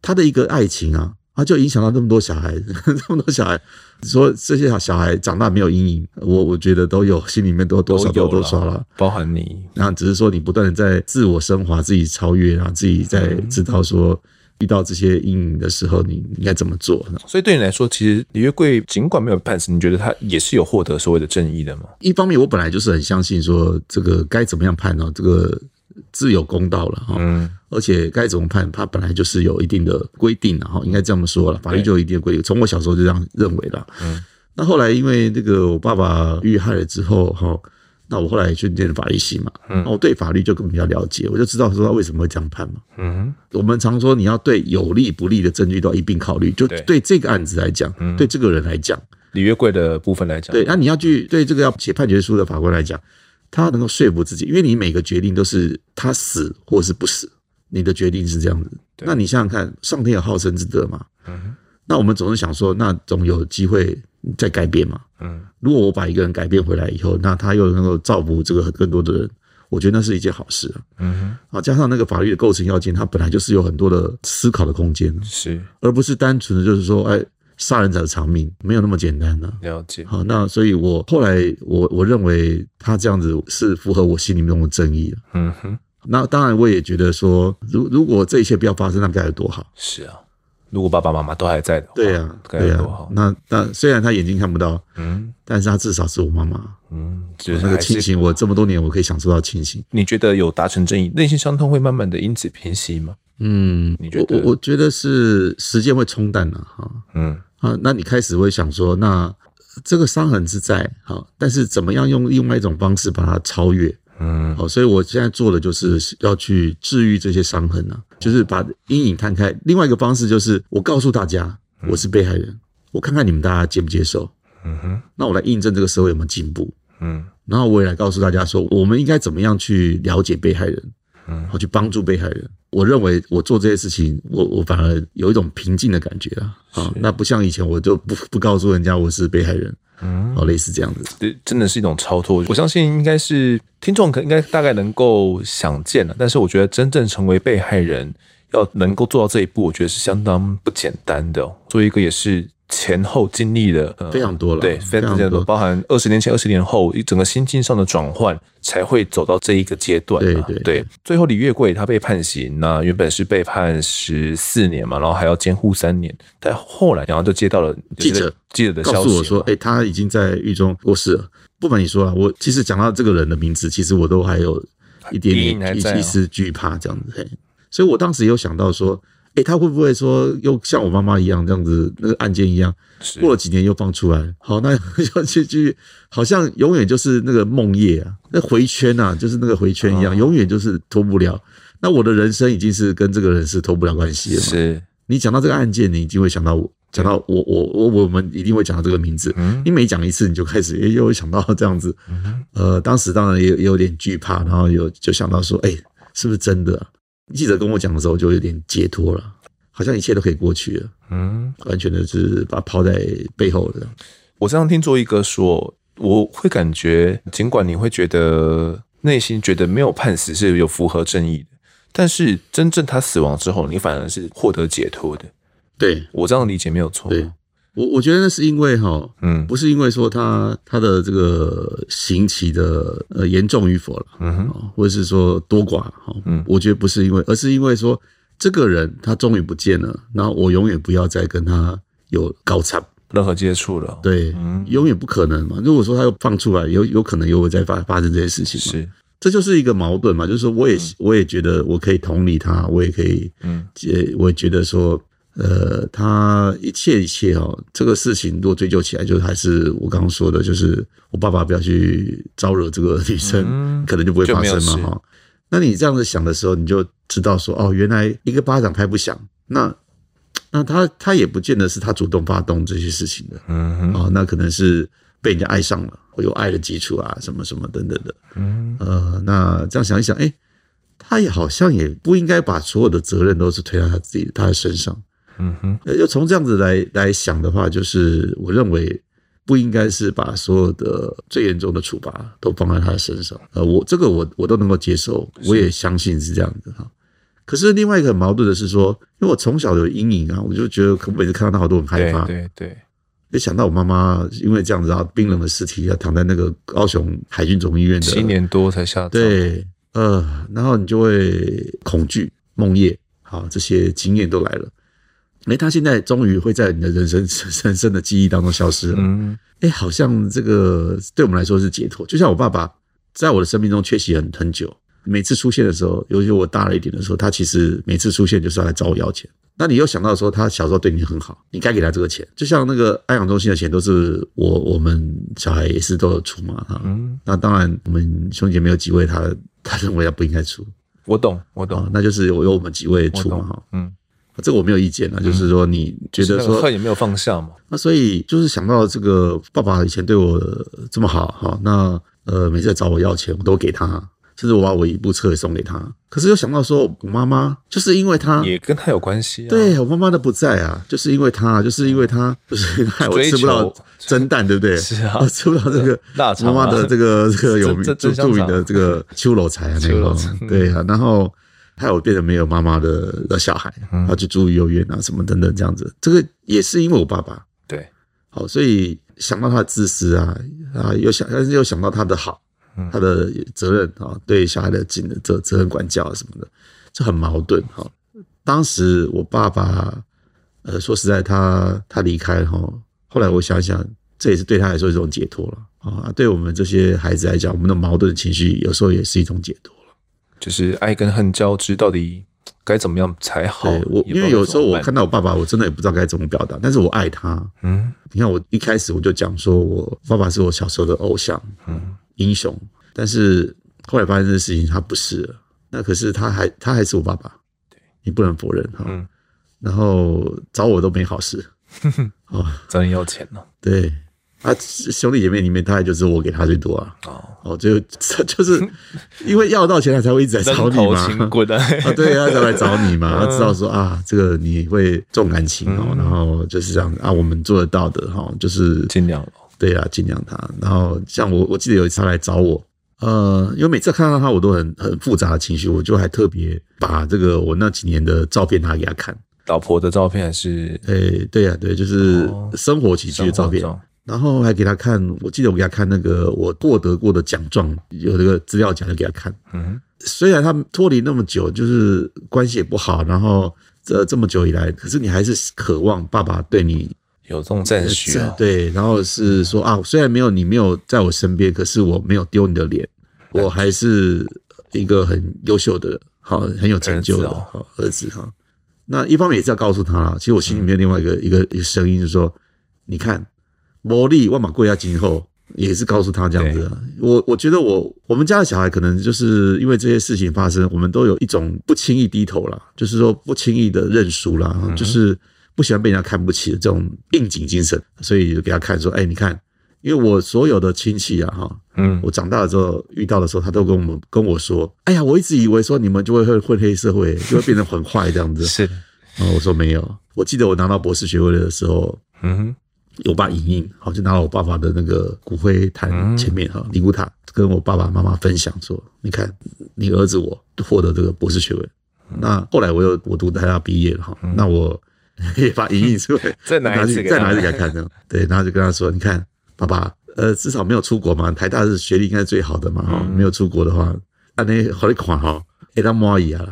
S2: 他的一個愛情啊，他就影響到那麼多小孩呵呵，這麼多小孩，說這些小孩長大沒有陰影，我我覺得都有心裡面都有多少都有。多少了，包含你，然後、啊、只是說你不斷的在自我昇華，自己超越、啊，然後自己在知道說遇到這些陰影的時候，你應該怎麼做、嗯。
S1: 所以對你來說，其實李月桂儘管沒
S2: 有判死，你覺得他也是有獲得所謂的正義的嗎？一方面，我本來就是很相信說這個該怎麼樣判呢、啊？這個自有公道了，哈、嗯。而且該怎麼判？他本來就是有一定的規定，然後應該這麼說了，法律就有一定的規定。從我小時候就這樣認為了。嗯，那後來因為這個我爸爸遇害了之後，哈，那我後來去念法律系嘛，嗯，那我對法律就更比較了解，我就知道說他為什麼會這樣判嘛。嗯，我們常說你要對有利不利的證據都要一併考慮，就對這個案子來講、嗯，對這個人來講，李月貴的部分來講，對，那你要去對這個要寫判決書的法官來講，他能夠說服自己，因為你每個決定都是他死或是不死。你的決定是這樣子，對，那你想想看，上天有好生之德嘛，嗯，那我們總是想說，那總有機會再改變嘛，嗯，如果我把一個人改變回來以後，那他又能夠照顧這個更多的人，我覺得那是一件好事。啊、嗯，好，加上那個法律的構成要件，它本來就是有很多的思考的空間，啊，是，而不是單純的就是說，哎，殺人者償命，沒有那麼簡單呢。啊。了解。好，那所以我後來我我認為他這樣子是符合我心裡面的正義。啊、嗯哼。那當然，我也覺得說，如如果這一切不要發生，那該有多好。是啊，如果爸爸媽媽都還在的話，對啊，該、啊、有多好。那那雖然他眼睛看不到，嗯，但是他至少是我媽媽，嗯，就是、那個親情，我這麼多年我可以享受到親情。你覺得有達成正義，
S1: 內心傷痛會慢慢的因此平息嗎？嗯，
S2: 你覺得？我我覺得是時間會沖淡了。哈，嗯啊，那你開始會想說，那這個傷痕是在好，但是怎麼樣用另外一種方式把它超越？嗯， [noise] 好，所以我現在做的就是要去治癒這些傷痕啊，就是把陰影攤開。另外一個方式就是，我告訴大家我是被害人，我看看你們大家接不接受。嗯哼， [noise] 那我來印證這個社會有沒有進步？嗯， [noise] 然後我也來告訴大家說，我們應該怎麼樣去了解被害人。我、嗯、去幫助被害人，我認為我做這些事情，我我反而有一種平靜的感覺啊！啊，那不像以前，我就不不告訴人家我是被害人，嗯，哦、啊，類似這樣子，對，真的是一種超脫。我相信應該是聽眾可
S1: 應該大概能夠想見了，但是我覺得真正成為被害人，要能夠做到這一步，我覺得是相當不簡單的、哦。做一個也是。前後經歷了、呃、非常多了，對，非常多，常多包含二十年前、二十年後一整個心境上的轉換，才會走到這一個階段。對對，對，對，最後李月桂他被判刑、啊，那原本是被判十
S2: 四年嘛，然後還要監護三年。但後來，然後就接到了記者、就是、記者的消息，告訴我說，誒、欸、他已經在獄中過世了。不瞞你說啊，我其實講到這個人的名字，其實我都還有一點點、啊、一絲懼怕這樣子、欸。所以我當時也有想到說。哎、欸，他會不會說又像我媽媽一樣這樣子那個案件一樣，過了幾年又放出來？好，那就就好像永遠就是那個夢魘啊，那回圈啊，就是那個回圈一樣，哦、永遠就是脫不了。那我的人生已經是跟這個人是脫不了關係了嘛。是，你講到這個案件，你一定會想到我，講到我我我我，我們一定會講到這個名字。嗯、你每講一次，你就開始、欸、又又想到這樣子、嗯。呃，當時當然也有點懼怕，然後有就想到說，哎、欸，是不是真的、啊？記者跟我講的時候，就有點解脫了，好像一切都可以過去了。嗯，完全的是把它拋在背後的。
S1: 我這樣聽作逸哥說，我會感覺，儘管你會覺得內心覺得沒有判死是有符合正義的，但是真正他死亡之後，你反而是獲得解脫的。對，我這樣理解沒有錯？對
S2: 我我覺得那是因為哈，嗯，不是因為說他他的這個刑期的呃嚴重與否了，嗯，或者是說多寡，哈，嗯，我覺得不是因為，而是因為說這個人他終於不見了，然後我永遠不要再跟他有交叉任何接觸了，對，永遠不可能嘛。如果說他又放出來，有有可能又會再發發生這些事情，是，這就是一個矛盾嘛。就是說，我也我也覺得我可以同理他，我也可以，嗯，呃，我也覺得說。呃，他一切一切哦，這個事情如果追究起來，就是還是我剛剛說的，就是我爸爸不要去招惹這個女生，嗯、可能就不會發生嘛哈。那你這樣子想的時候，你就知道說，哦，原來一個巴掌拍不響。那那他他也不見得是他主動發動這些事情的，啊、嗯哼，那可能是被人家愛上了，有愛的基礎啊，什麼什麼等等的。呃，那這樣想一想，哎，他也好像也不應該把所有的責任都是推到他自己他的身上。嗯哼，那就從這樣子來來想的話，就是我認為不應該是把所有的最嚴重的處罰都放在他的身上。呃，我這個我我都能夠接受，我也相信是這樣子哈。可是另外一個很矛盾的是說，因為我從小有陰影啊，我就覺得可每次看到他我都很害怕，對
S1: 對，
S2: 對。一想到我媽媽因為這樣子啊，冰冷的屍體啊，躺在那個高雄海軍總醫院的七年多才下葬，對，呃，然後你就會恐懼，夢魘，好，這些經驗都來了。哎、欸，他現在終於會在你的人生、人生的記憶當中消失了。嗯，哎、欸，好像這個對我們來說是解脫。就像我爸爸在我的生命中缺席很很久，每次出現的時候，尤其我大了一點的時候，他其實每次出現就是要來找我要錢。那你又想到說他小時候對你很好，你該給他這個錢。就像那個安養中心的錢都是我我們小孩也是都有出嘛，哈。嗯，那當然我們兄姐沒有幾位，他他認為他不應該出。我懂，我懂，啊、那就是由我們幾位出嘛，哈。嗯。啊、這個我沒有意見啊、嗯，就是說你覺得說恨也沒有放下嘛。那、啊、所以就是想到這個爸爸以前對我這麼好哈、哦，那呃每次找我要錢我都給他，甚至我把我一部車也送給他。可是又想到說我媽媽就是因為他也跟他有關係、啊，對我媽媽的不在啊，就是因為他，就是因為他，就是害我吃不到蒸蛋，對不對？是啊，啊吃不到這個那媽媽的這個、啊這個啊、這個有名這這、啊、著名的這個秋樓菜啊，這個啊那個，對啊，然後。害我變得沒有媽媽的的小孩，他去住幼兒園啊，什麼等等這樣子，這個也是因為我爸爸。對。好，所以想到他的自私啊啊，又想，但是又想到他的好，他的責任啊，對小孩的盡責、責任、管教啊什麼的，這很矛盾。好，當時我爸爸，呃，說實在他，他他離開後，後來我想一想，這也是對他來說一種解脫了啊。對我們這些孩子來講，我們的矛盾情緒有時候也是一種解脫。就是愛跟恨交織，到底該怎麼樣才好？對，我，因為有時候我看到我爸爸，我真的也不知道該怎麼表達，但是我愛他。嗯，你看我一開始我就講說我爸爸是我小時候的偶像，嗯，英雄。但是後來發現這件事情，他不是了，那可是他還他還是我爸爸，對，你不能否認哈，嗯。然後找我都沒好事，哦，
S1: 找你要錢了
S2: 對。啊，兄弟姐妹裡面，大概就是我給他最多啊。哦、oh.，哦，就就是 [laughs] 因為要到錢，他才會一直在找你嘛。啊，對，他才來找你嘛， [laughs] 啊、他嘛、 [laughs] 嗯、知道說啊，這個你會重感情哦、嗯。然後就是這樣啊，我們做得到的哈、哦，就是盡量。對啊，盡量他。然後像我，我記得有一次他來找我，呃，因為每次看到他，我都很很複雜的情緒，我就還特別把這個我那幾年的照片拿給他看，老婆的照片還是？哎，對啊，對，就是生活起居的照片。哦然後還給他看，我記得我給他看那個我獲得過的獎狀，有那個資料獎就給他看。嗯，雖然他們脫離那麼久，就是關係也不好，然後這這麼久以來，可是你還是渴望爸爸對你有這種讚許、啊呃。對，然後是說、嗯、啊，雖然沒有你沒有在我身邊，可是我沒有丟你的臉，嗯、我還是一個很優秀的、好很有成就的好兒子哈、哦哦。那一方面也是要告訴他啦，其實我心裡面另外一個、嗯、一個聲音就是說，你看。魔力萬馬歸家今後也是告訴他這樣子。我我覺得我我們家的小孩可能就是因為這些事情發生，我們都有一種不輕易低頭了，就是說不輕易的認輸啦、嗯，就是不喜歡被人家看不起的這種硬頸精神。所以就給他看說：“哎，你看，因為我所有的親戚啊，哈，嗯，我長大了之後遇到的時候，他都跟我們跟我說：‘哎呀，我一直以為說你們就會會混黑社會，就會變成很壞這樣子。 [laughs] 是’是然後我說沒有，我記得我拿到博士學位的時候，嗯哼。”我把影印好就拿了我爸爸的那個骨灰壇前面哈、嗯、靈骨塔，跟我爸爸媽媽分享說：“你看，你兒子我獲得這個博士學位，嗯、那後來我又我讀台大畢業了哈、嗯，那我也把影印再拿一再拿一次給他，他，次他次看呢， [laughs] 對，然後就跟他說：‘你看，爸爸，呃，至少沒有出國嘛，台大是學歷應該是最好的嘛、嗯，沒有出國的話，那你好利款哈，哎、喔，當貓姨啊，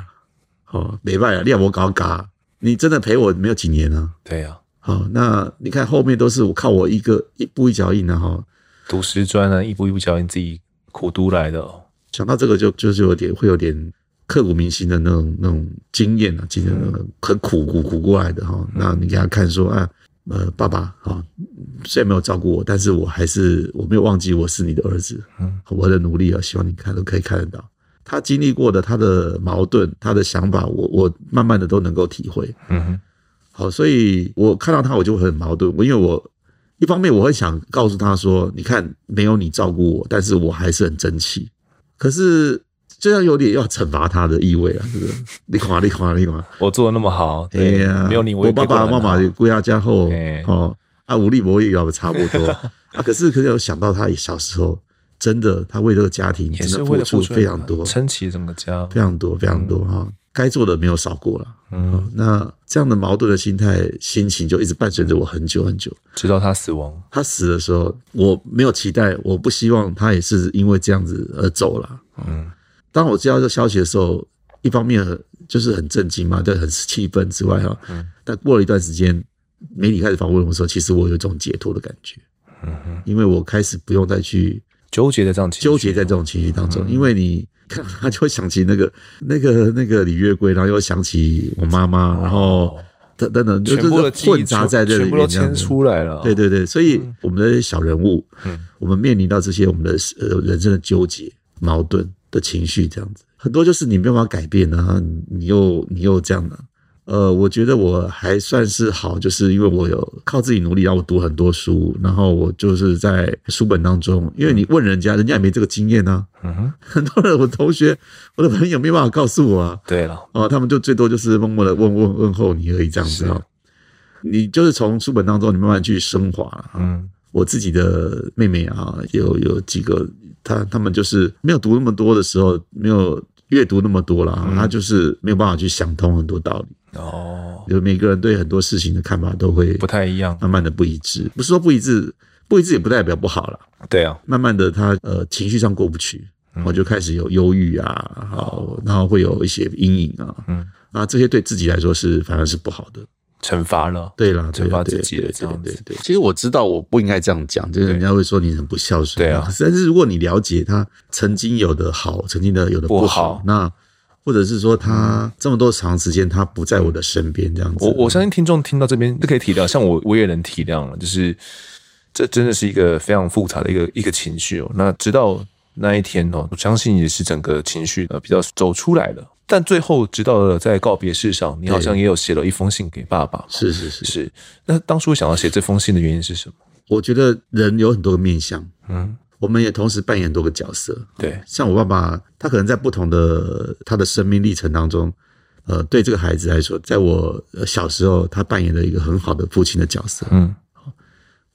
S2: 好沒拜啊，廖摩搞嘎，你真的陪我沒有幾年了、啊。對啊、哦好，那你看後面都是我靠我一個一步一腳印的哈，讀師專啊，一步一步腳印自己苦讀來的哦。想到這個就就是有點會有點刻骨銘心的那種那種經驗了，啊，記得那種很苦苦苦過來的哈。那你給他看說啊，呃，爸爸啊，雖然沒有照顧我，但是我還是我沒有忘記我是你的兒子。嗯，我的努力啊，希望你看都可以看得到他經歷過的他的矛盾、他的想法，我我慢慢的都能夠體會。嗯。好，所以我看到他，我就很矛盾。我因為我一方面我會想告訴他說：“你看，沒有你照顧我，但是我還是很爭氣。”可是，這樣有點要懲罰他的意味啊，是不？你看啊、你看啊，你看啊！我做的那麼好，對、哎、呀，沒有你，我爸爸媽媽歸他家後哦。啊，武力博也與的差不多 [laughs] 啊。可是，可是有想到他小時候，真的，他為這個家庭真的付出非常多，撐起整個家，非常多，非常多啊。嗯哦該做的沒有少過啦，嗯、哦，那這樣的矛盾的心態、心情就一直伴隨着我很久很久，直到他死亡。他死的時候，我沒有期待，我不希望他也是因為這樣子而走了，嗯。當我接到這個消息的時候，一方面就是很震驚嘛，就、嗯、很氣憤之外哈，嗯。但過了一段時間，媒體開始訪問我的時候，其實我有一種解脫的感覺，嗯，因為我開始不用再去。糾結的這樣，糾結在這種情緒當中，嗯、因為你看，他就會想起那個、嗯、那個、那個李月桂，然後又想起我媽媽，哦、然後等等，哦、就是混雜在這裡面。全部都牽出來了、哦嗯。對對對，所以我們的小人物，嗯、我們面臨到這些我們的呃人生的糾結、嗯、矛盾的情緒，這樣子很多就是你沒有辦法改變的、啊，你你又你又這樣的、啊。呃，我覺得我還算是好，就是因為我有靠自己努力，然後我讀很多書，然後我就是在書本當中，因為你問人家，嗯、人家也沒這個經驗啊。嗯、很多人，我同學，我的朋友沒有辦法告訴我啊。對了，哦、呃，他們就最多就是默默的問問問候你而已，這樣子啊。你就是從書本當中，你慢慢去升華了、啊。嗯，我自己的妹妹啊，有有幾個，她她們就是沒有讀那麼多的時候，沒有閱讀那麼多了，她、嗯、就是沒有辦法去想通很多道理。哦，就每個人對很多事情的看法都會不太一樣，慢慢的不一致不一。不是說不一致，不一致也不代表不好了。對啊，慢慢的他呃情緒上過不去，我、嗯、就開始有憂鬱啊，好，然後會有一些陰影啊，嗯，那這些對自己來說是反而是不好的，懲罰了。對了，懲罰自己的這樣子。對，對，對，對，對，其實我知道我不應該這樣講，就是人家會說你很不孝順、啊。對啊，但是如果你了解他曾經有的好，曾經有的有的不好，不好那。或者是說他這麼多長時間他不在我的身邊這樣
S1: 子，嗯，我、嗯、我相信聽眾聽到這邊都可以體諒， [laughs] 像我我也能體諒了，就是這真的是一個非常複雜的一個一個情緒哦。那直到那一天哦，我相信也是整個情緒呃比較走出來了。但最後直到了在告別式上，你好像也有寫了一封
S2: 信給爸爸，是是是是。那當初想要寫這封信的原因是什麼？我覺得人有很多個面向，嗯。我們也同時扮演多個角色，對，像我爸爸，他可能在不同的他的生命歷程當中，呃，對這個孩子來說，在我小時候，他扮演了一個很好的父親的角色，嗯，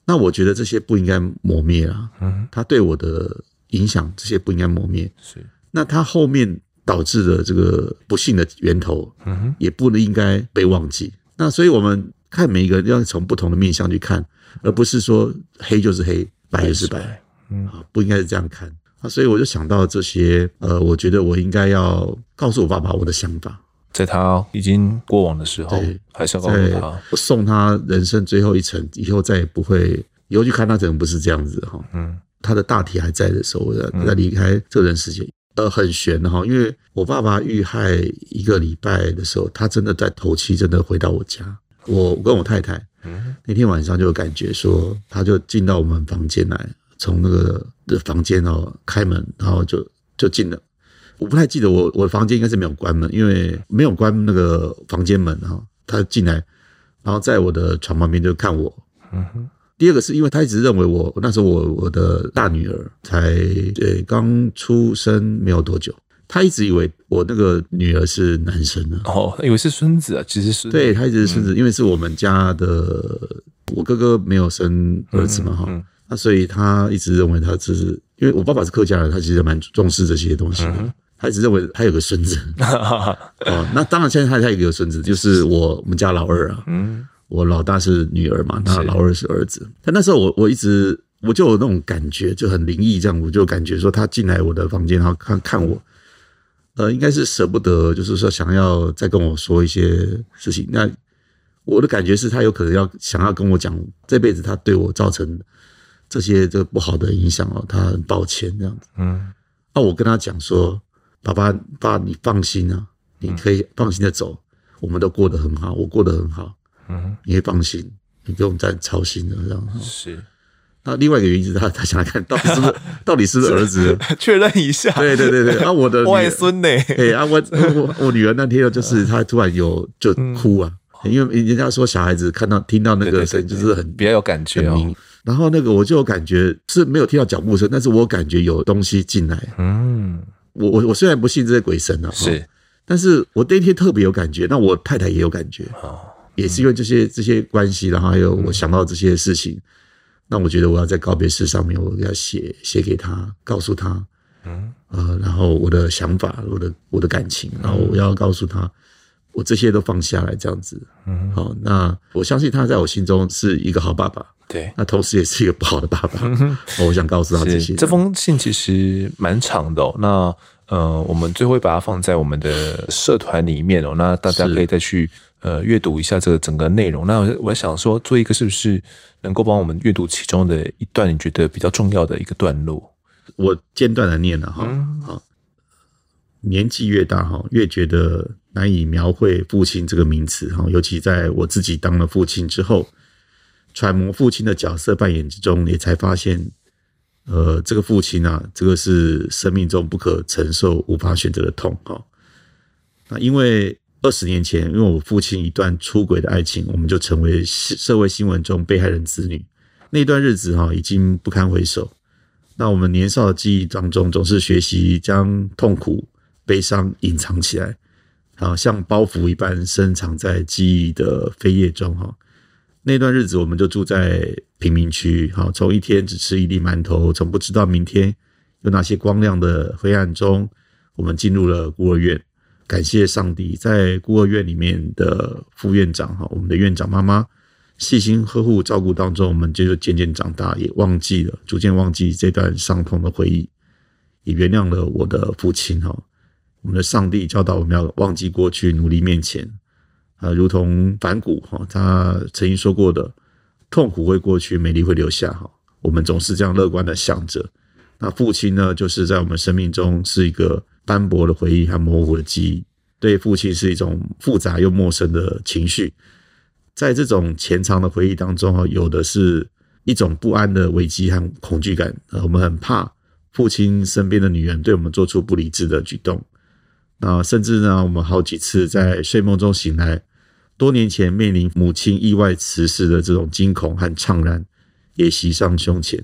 S2: 那我覺得這些不應該磨滅啊，嗯，他對我的影響，這些不應該磨滅，是，那他後面導致的這個不幸的源頭，嗯，也不能應該被忘記，那所以我們看每一個要從不同的面向去看，而不是說黑就是黑，嗯，白就是白。嗯，不應該是這樣看啊，所以我就想到這些，呃，我覺得我應該要告訴我爸爸我的想法，在他、哦、已經過往的時候，對，
S1: 還是要告訴他，
S2: 我送他人生最後一程，以後再也不會，以後去看他可能不是這樣子哈，嗯，他的大體還在的時候，我在離開這個人世界，呃，很玄的哈，因為我爸爸遇害一個禮拜的時候，他真的在頭七真的回到我家，我跟我太太，
S1: 嗯，
S2: 那天晚上就有感覺說，他就進到我們房間來。從那個的房間哦，開門，然後就就進了。我不太記得我我房間應該是沒有關門，因為沒有關那個房間門哈。他進來，然後在我的床旁邊就看我。嗯哼。第二個是因為他一直認為我那時候我我的大女兒才對剛出生沒有多久，他一直以為我那個女兒是男生呢，哦，他以為是孫子啊，其實是孫子、啊、對，他一直是孫子、嗯，因為是我們家的我哥哥沒有生兒子嘛哈。嗯嗯嗯那所以他一直認為他只是因為我爸爸是客家人，他其實蠻重視這些東西，他一直認為他有個孫子、 [laughs] 哦、那當然現在他還有也有孫子，就是我我們家老二啊。嗯，我老大是女兒嘛，那老二是兒子。但那時候我我一直我就有那種感覺，就很靈異這樣，我就感覺說他進來我的房間，然後看看我，呃，應該是捨不得，就是說想要再跟我說一些事情。那我的感覺是他有可能要想要跟我講這輩子他對我造成這些就不好的影響哦，他很抱歉這樣子。嗯、啊，那我跟他講說：“爸爸爸，你放心啊，你可以放心的走，嗯、我們都過得很好，我過得很好。嗯，你會放心，你不用再操心了這樣子。是。那另外一個原因是他想來看，他想看到底是不是， [laughs] 到底是不是兒子，確認一下。對對對對。那我的外孫呢？哎啊，我外孫耶、欸啊、我，我，我女兒那天就是她突然有就哭啊。嗯因為人家說小孩子看到聽到那個聲就是很比較有感覺，哦，然後那個我就有感覺是沒有聽到腳步聲，但是我感覺有東西進來。嗯，我我我雖然不信這些鬼神啊，是、哦，但是我那天特別有感覺。那我太太也有感覺，哦嗯、也是因為這些這些關係，然後還有我想到這些事情，嗯、那我覺得我要在告別式上面，我要寫寫給他，告訴他，嗯呃，然後我的想法，我的我的感情，然後我要告訴他。嗯我這些都放下來，這樣子、嗯，好。那我相信他在我心中是一個好爸爸，對。那同時也是一個不好的爸爸。我、嗯、我想告訴他這些，這封信其實蠻長的哦。那呃，我
S1: 們最後把它放在我們的社團裡面哦。那大家可以再去呃閱讀一下這個整個內容。那我想說，作逸是不是能夠幫我們閱讀其中的一段？你
S2: 覺得比較重要的一個段落，我間斷的念了哈、嗯。好，年紀越大哈，越覺得。難以描繪“父親”這個名詞哈，尤其在我自己當了父親之後，揣摩父親的角色扮演之中，也才發現，呃，這個父親啊，這個是生命中不可承受、無法選擇的痛哈。那因為二十年前，因為我父親一段出軌的愛情，我們就成為社會新聞中被害人子女。那段日子哈，已經不堪回首。那我們年少的記憶當中，總是學習將痛苦、悲傷隱藏起來。啊，像包袱一般深藏在記憶的扉頁中哈。那段日子，我們就住在貧民區，哈，從一天只吃一粒饅頭，從不知道明天有哪些光亮的黑暗中，我們進入了孤兒院。感謝上帝，在孤兒院裡面的副院長哈，我們的院長媽媽細心呵護照顧當中，我們就漸漸長大，也忘記了，逐漸忘記這段傷痛的回憶，也原諒了我的父親哈。我們的上帝教導我們要忘記過去，努力面前，啊、呃，如同梵谷哈、哦，他曾經說過的，痛苦會過去，美麗會留下哈、哦。我們總是這樣樂觀的想着。那父親呢，就是在我們生命中是一個斑駁的回憶和模糊的記憶，對父親是一種複雜又陌生的情緒。在這種潛藏的回憶當中，有的是一種不安的危機和恐懼感，呃，我們很怕父親身邊的女人對我們做出不理智的舉動。啊，甚至呢，我們好幾次在睡夢中醒來，多年前面臨母親意外辭世的這種驚恐和悵然，也襲上胸前。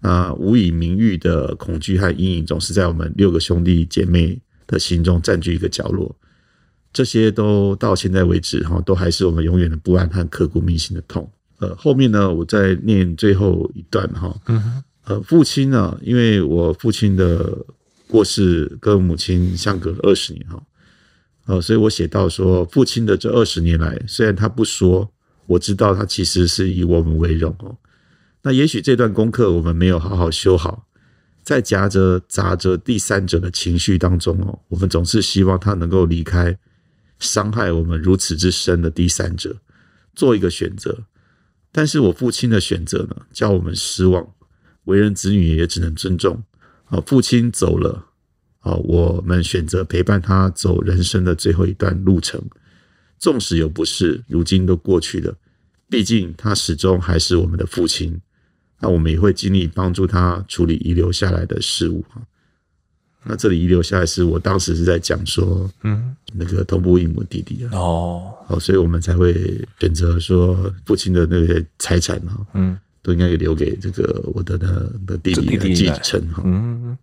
S2: 啊，無以名喻的恐懼和陰影，總是在我們六個兄弟姐妹的心中占據一個角落。這些都到現在為止，哈，都還是我們永遠的不安和刻骨銘心的痛。呃，後面呢，我再念最後一段哈。呃，父親呢，因為我父親的。過世跟母親相隔二十年哈，呃，所以我寫到說，父親的這二十年來，雖然他不說，我知道他其實是以我們為榮哦。那也許這段功課我們沒有好好修好，在夾着雜著第三者的情緒當中哦，我們總是希望他能夠離開，傷害我們如此之深的第三者，做一個選擇。但是我父親的選擇呢，叫我們失望，為人子女也只能尊重。啊，父親走了啊，我們選擇陪伴他走人生的最後一段路程，縱使有不是，如今都過去了。畢竟他始終還是我們的父親，那我們也會盡力幫助他處理遺留下來的事物。嗯，那這裡遺留下來是我當時是在講說，嗯，那個同父異母弟弟啊，哦，嗯，所以我們才會選擇說父親的那些財產，嗯。都應該留給這個我的的弟弟的繼承弟弟嗯，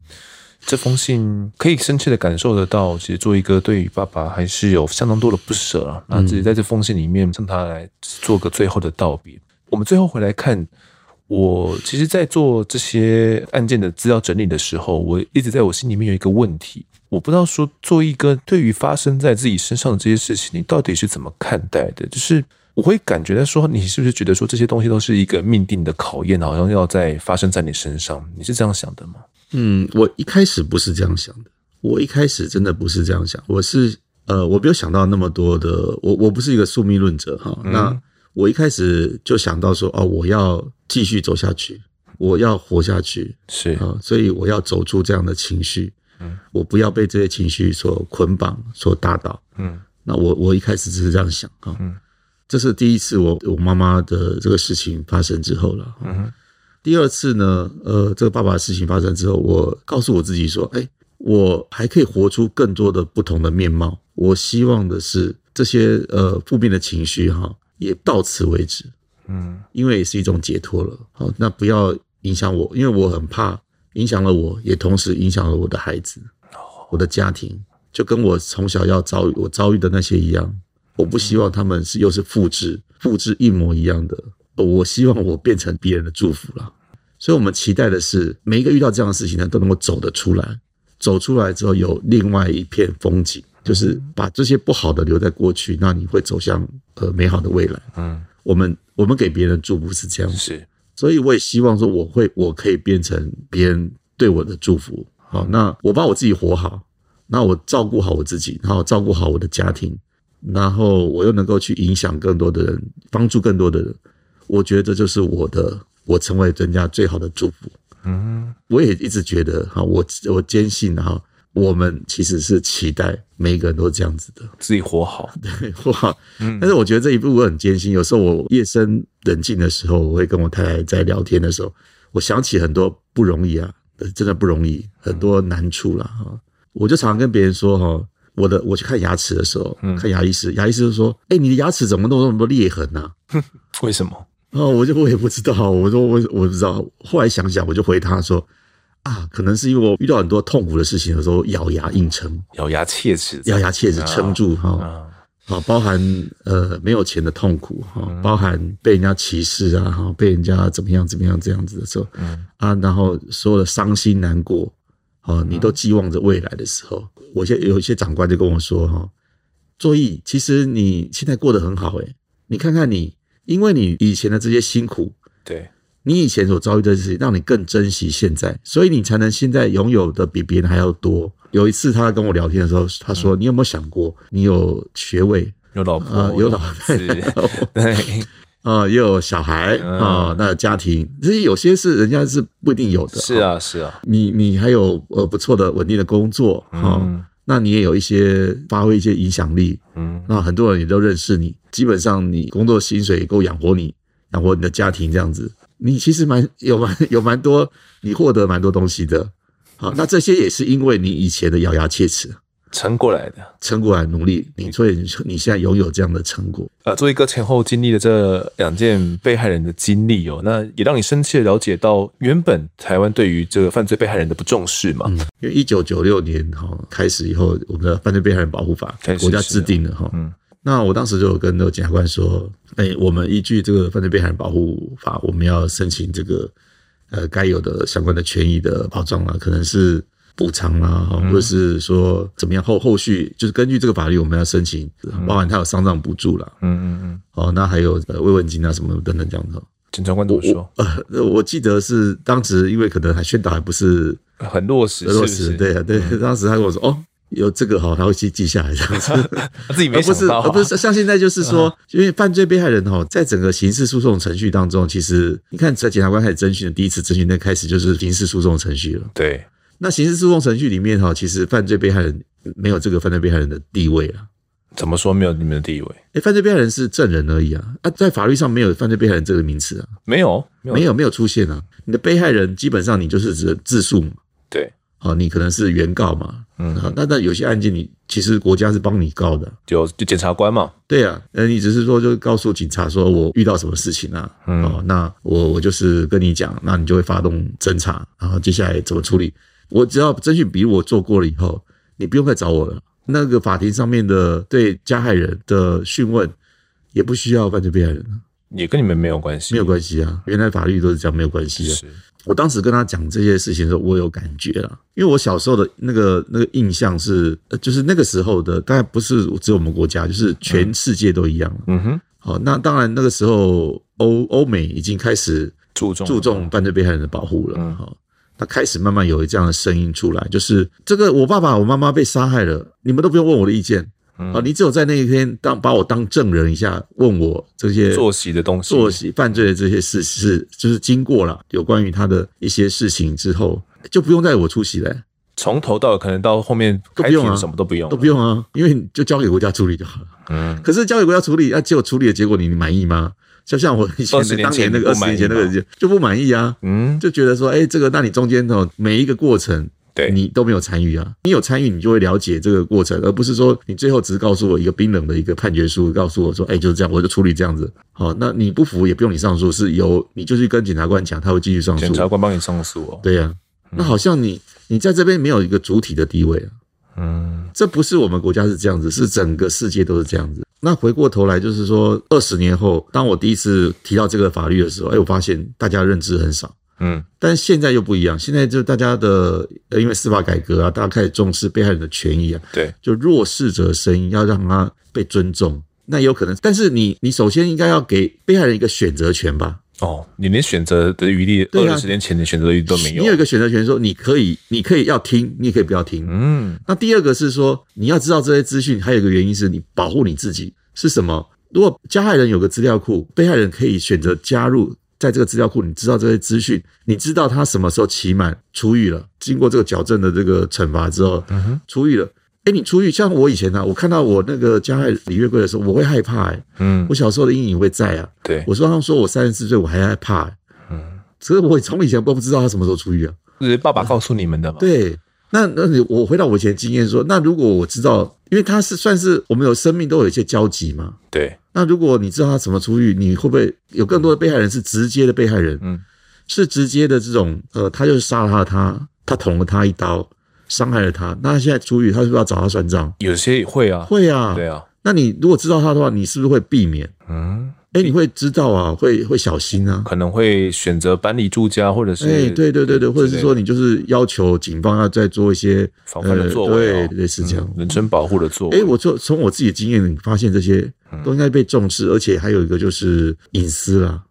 S2: 這封信可以深切的感
S1: 受得到，其實做一個對於爸爸還是有相當多的不捨啊。嗯、那自己在這封信裡面，向他來做個最後的道別。我們最後回來看，我其實，在做這些案件的資料整理的時候，我一直在我心裡面有一個問題，我不知道說做一個對於發生在自己身上的這些事情，你到底是怎麼看待的？就是。我會感覺到，說，你是不是覺得說，這些東西都是一個命定的考驗，好像要再發生
S2: 在你身上？你是這樣想的嗎？嗯，我一開始不是這樣想的，我一開始真的不是這樣想，我是呃，我沒有想到那麼多的，我我不是一個宿命論者哈、嗯。那我一開始就想到說，哦，我要繼續走下去，我要活下去，是啊、呃，所以我要走出這樣的情緒，嗯，我不要被這些情緒所捆綁、所打倒，嗯，那我我一開始只是這樣想啊、哦，嗯。這是第一次我，我我媽媽的這個事情發生之後了。嗯，第二次呢，呃，這個爸爸的事情發生之後，我告訴我自己說，哎、欸，我還可以活出更多的不同的面貌。我希望的是，這些呃負面的情緒哈，也到此為止。嗯，因為也是一種解脫了。好，那不要影響我，因為我很怕影響了我，也同時影響了我的孩子，哦，我的家庭，就跟我從小要遭遇、我遭遇的那些一樣。我不希望他們是又是複製複製一模一樣的，我希望我變成別人的祝福了。所以，我們期待的是每一個遇到這樣的事情呢，都能夠走得出來。走出來之後，有另外一片風景，就是把這些不好的留在過去，那你會走向呃美好的未來。嗯，我們我們給別人祝福是這樣子，是。所以我也希望說，我會我可以變成別人對我的祝福。好，那我把我自己活好，那我照顧好我自己，然後照顧好我的家庭。然後我又能夠去影響更多的人，幫助更多的人，我覺得就是我的，我成為人家最好的祝福。嗯，我也一直覺得哈，我我堅信哈，我們其實是期待每一個人都是這樣子的，自己活好 [laughs] 對，活好。但是我覺得這一步我很艱辛、嗯。有時候我夜深人靜的時候，我會跟我太太在聊天的時候，我想起很多不容易啊，真的不容易，很多難處了哈、嗯。我就常常跟別人說哈。我的我去看牙齒的時候，看牙醫師，師、嗯、牙醫師就說：“哎、欸，你的牙齒怎麼弄那麼多裂痕呢、啊？為什麼？”啊，我就我也不知道，我說我我不知道。後來想想，我就回他說：“啊，可能是因為我遇到很多痛苦的事情，有時候咬牙硬撐、嗯，
S1: 咬牙切齒，咬牙切齒撐住
S2: 哈、啊、包含呃沒有錢的痛苦哈，包含被人家歧視啊哈，被人家怎麼樣怎麼樣這樣子的時候、嗯、啊，然後所有的傷心難過你都寄望着未來的時候。”我有一些長官就跟我說哈，作逸，其實你現在過得很好誒、欸、你看看你，因為你以前的這些辛苦，對，你以前所遭遇的事情，讓你更珍惜現在，所以你才能現在擁有的比別人還要多。有一次他跟我聊天的時候，他說：“嗯、你有沒有想過，你有學位，有老婆，呃、有老 [laughs] 對。”啊、呃，也有小孩啊、呃，那家庭其實有些事人家是不一定有的。是啊，是啊，你你還有呃不錯的穩定的工作啊、呃嗯，那你也有一些發揮一些影響力，嗯、呃，那很多人也都認識你。基本上你工作薪水也夠養活你，養活你的家庭這樣子。你其實蠻有蠻有蠻多，你獲得蠻多東西的。好、呃，那這些也是因為你以前的咬牙切齒。撐過來的，撐過來努力，你所以你現在擁有這樣的成果。
S1: 呃，作為一個前後經歷的這兩件被害人的經歷哦，那也讓你深切了解到，原本台灣對於這個犯罪被害人的不重視嘛。嗯。因為一九九六年哈開始以後，
S2: 我們的犯罪被害人保護法國、嗯、家制定了哈。嗯。那我當時就有跟那個檢察官說：“哎、欸，我們依據這個犯罪被害人保護法，我們要申請這個呃該有的相關的權益的保障啊，可能是。”補償啦、嗯，或者是說怎麼樣後？後後續就是根據這個法律，我們要申請，包含他有喪葬補助了，嗯嗯嗯，好、嗯喔，那還有呃慰問金啊，什麼等等這樣的。檢察官怎麼說？我呃，我記得是當時因為可能還宣導還不是很落實是是，落實對啊對。當時他跟我說，哦、嗯喔，有這個哈、喔，他會記記下來這樣子， [laughs] 自己沒、啊、而不是而不是像現在就是說，嗯、因為犯罪被害人哈、喔，在整個刑事訴訟程序當中，其實你看在檢察官開始偵訊的第一次偵訊那開始就是刑事訴訟程序了，對。那刑事訴訟程序裡面哈，其實犯罪被害人沒有這個犯罪被害人的地位啊。怎麼說沒有你們的地位？誒，犯罪被害人是證人而已啊。啊，在法律上沒有犯罪被害人這個名詞啊沒，沒有，沒有，沒有出現啊。你的被害人基本上你就是指自訴嘛。對，好、哦，你可能是原告嘛。嗯啊、嗯，那那有些案件你其實國家是幫你告的，就就檢察官嘛。對啊。那你只是說就告訴警察說我遇到什麼事情啊？嗯、哦，那我我就是跟你講，那你就會發動偵查，然後接下來怎麼處理？我只要偵訊筆錄我做過了以後，你不用再找我了。那個法庭上面的對加害人的訊問，也不需要犯罪被害人了，也跟你們沒有關係，沒有關係啊。原來法律都是講沒有關係的，啊。我當時跟他講這些事情的時候，我有感覺了，因為我小時候的那個那個印象是，就是那個時候的，當然不是只有我們國家，就是全世界都一樣。嗯,嗯哼。好，那當然那個時候歐，歐歐美已經開始注重注重犯罪被害人的保護了。嗯哼。他開始慢慢有一這樣的聲音出來，就是這個我爸爸、我媽媽被殺害了，你們都不用問我的意見、嗯、啊！你只有在那一天當把我當證人一下，問我這些坐席的東西、坐席犯罪的這些事是就是經過了有關於他的一些事情之後，就不用再我出席了、欸。從頭到尾可能到後面都不用啊，什麼都不用，都不用啊，因為就交給國家處理就好了。嗯，可是交給國家處理，那、啊、結果處理的結果你，你滿意嗎？就像我以前，年前你當年那個二十年前那個就就不滿意啊，嗯，就覺得說，哎、欸，這個，那你中間的每一個過程、啊，對，你都沒有參與啊，你有參與，你就會了解這個過程，而不是說你最後只是告訴我一個冰冷的一個判決書，告訴我說，哎、欸，就是這樣，我就處理這樣子。好，那你不服也不用你上訴，是由你就去跟檢察官講，他會繼續上訴，檢察官幫你
S1: 上訴、哦，
S2: 對呀、啊。那好像你、嗯、你在這邊沒有一個主體的地位啊，嗯，這不是我們國家是這樣子，是整個世界都是這樣子。那回過頭來就是說，二十年後，當我第一次提到這個法律的時候，哎、欸，我發現大家認知很少。嗯，但現在又不一樣。現在就大家的，因為司法改革啊，大家開始重視被害人的權益啊。對，就弱勢者的聲音要讓他被尊重，那有可能。但是你你首先應該要給被害人一個選擇權吧。哦，你連選擇的餘地二十年前選的選擇餘地都沒有、啊。你有一個選擇權，說你可以，你可以要聽，你也可以不要聽。嗯，那第二個是說你要知道這些資訊，還有一個原因是你保護你自己是什麼？如果加害人有個資料庫，被害人可以選擇加入在這個資料庫，你知道這些資訊，你知道他什麼時候期滿出獄了，經過這個矯正的這個懲罰之後，嗯哼、出獄了。哎、欸，你出獄像我以前呢、啊，我看到我那個加害李月桂的時候，我會害怕。嗯，我小時候的陰影會在啊。對，我說他們說我三十四歲我還害怕。嗯，所以我從以前都不知道他什麼時候出獄啊。是爸爸告訴你們的嗎？對，那那你我回到我以前的經驗說，那如果我知道，因為他是算是我們有生命都有一些交集嘛。對，那如果你知道他怎麼出獄，你會不會有更多的被害人是直接的被害人？嗯，是直接的這種呃，他就是殺了他他捅了他一刀。傷害了他，那他現在出獄，他是不是要找他算賬？有些也會啊，會啊，對啊。那你如果知道他的話，你是不是會避免？嗯，哎、欸，你會知道啊，會會小心啊，可能會選擇搬離住家，或者是哎、欸，對對對對，或者是說你就是要求警方要再做一些防範的作法，對、嗯，類似是這樣人身保護的作。哎、欸，我從從我自己的經驗裡發現，這些都應該被重視，嗯，而且還有一個就是隱私啦。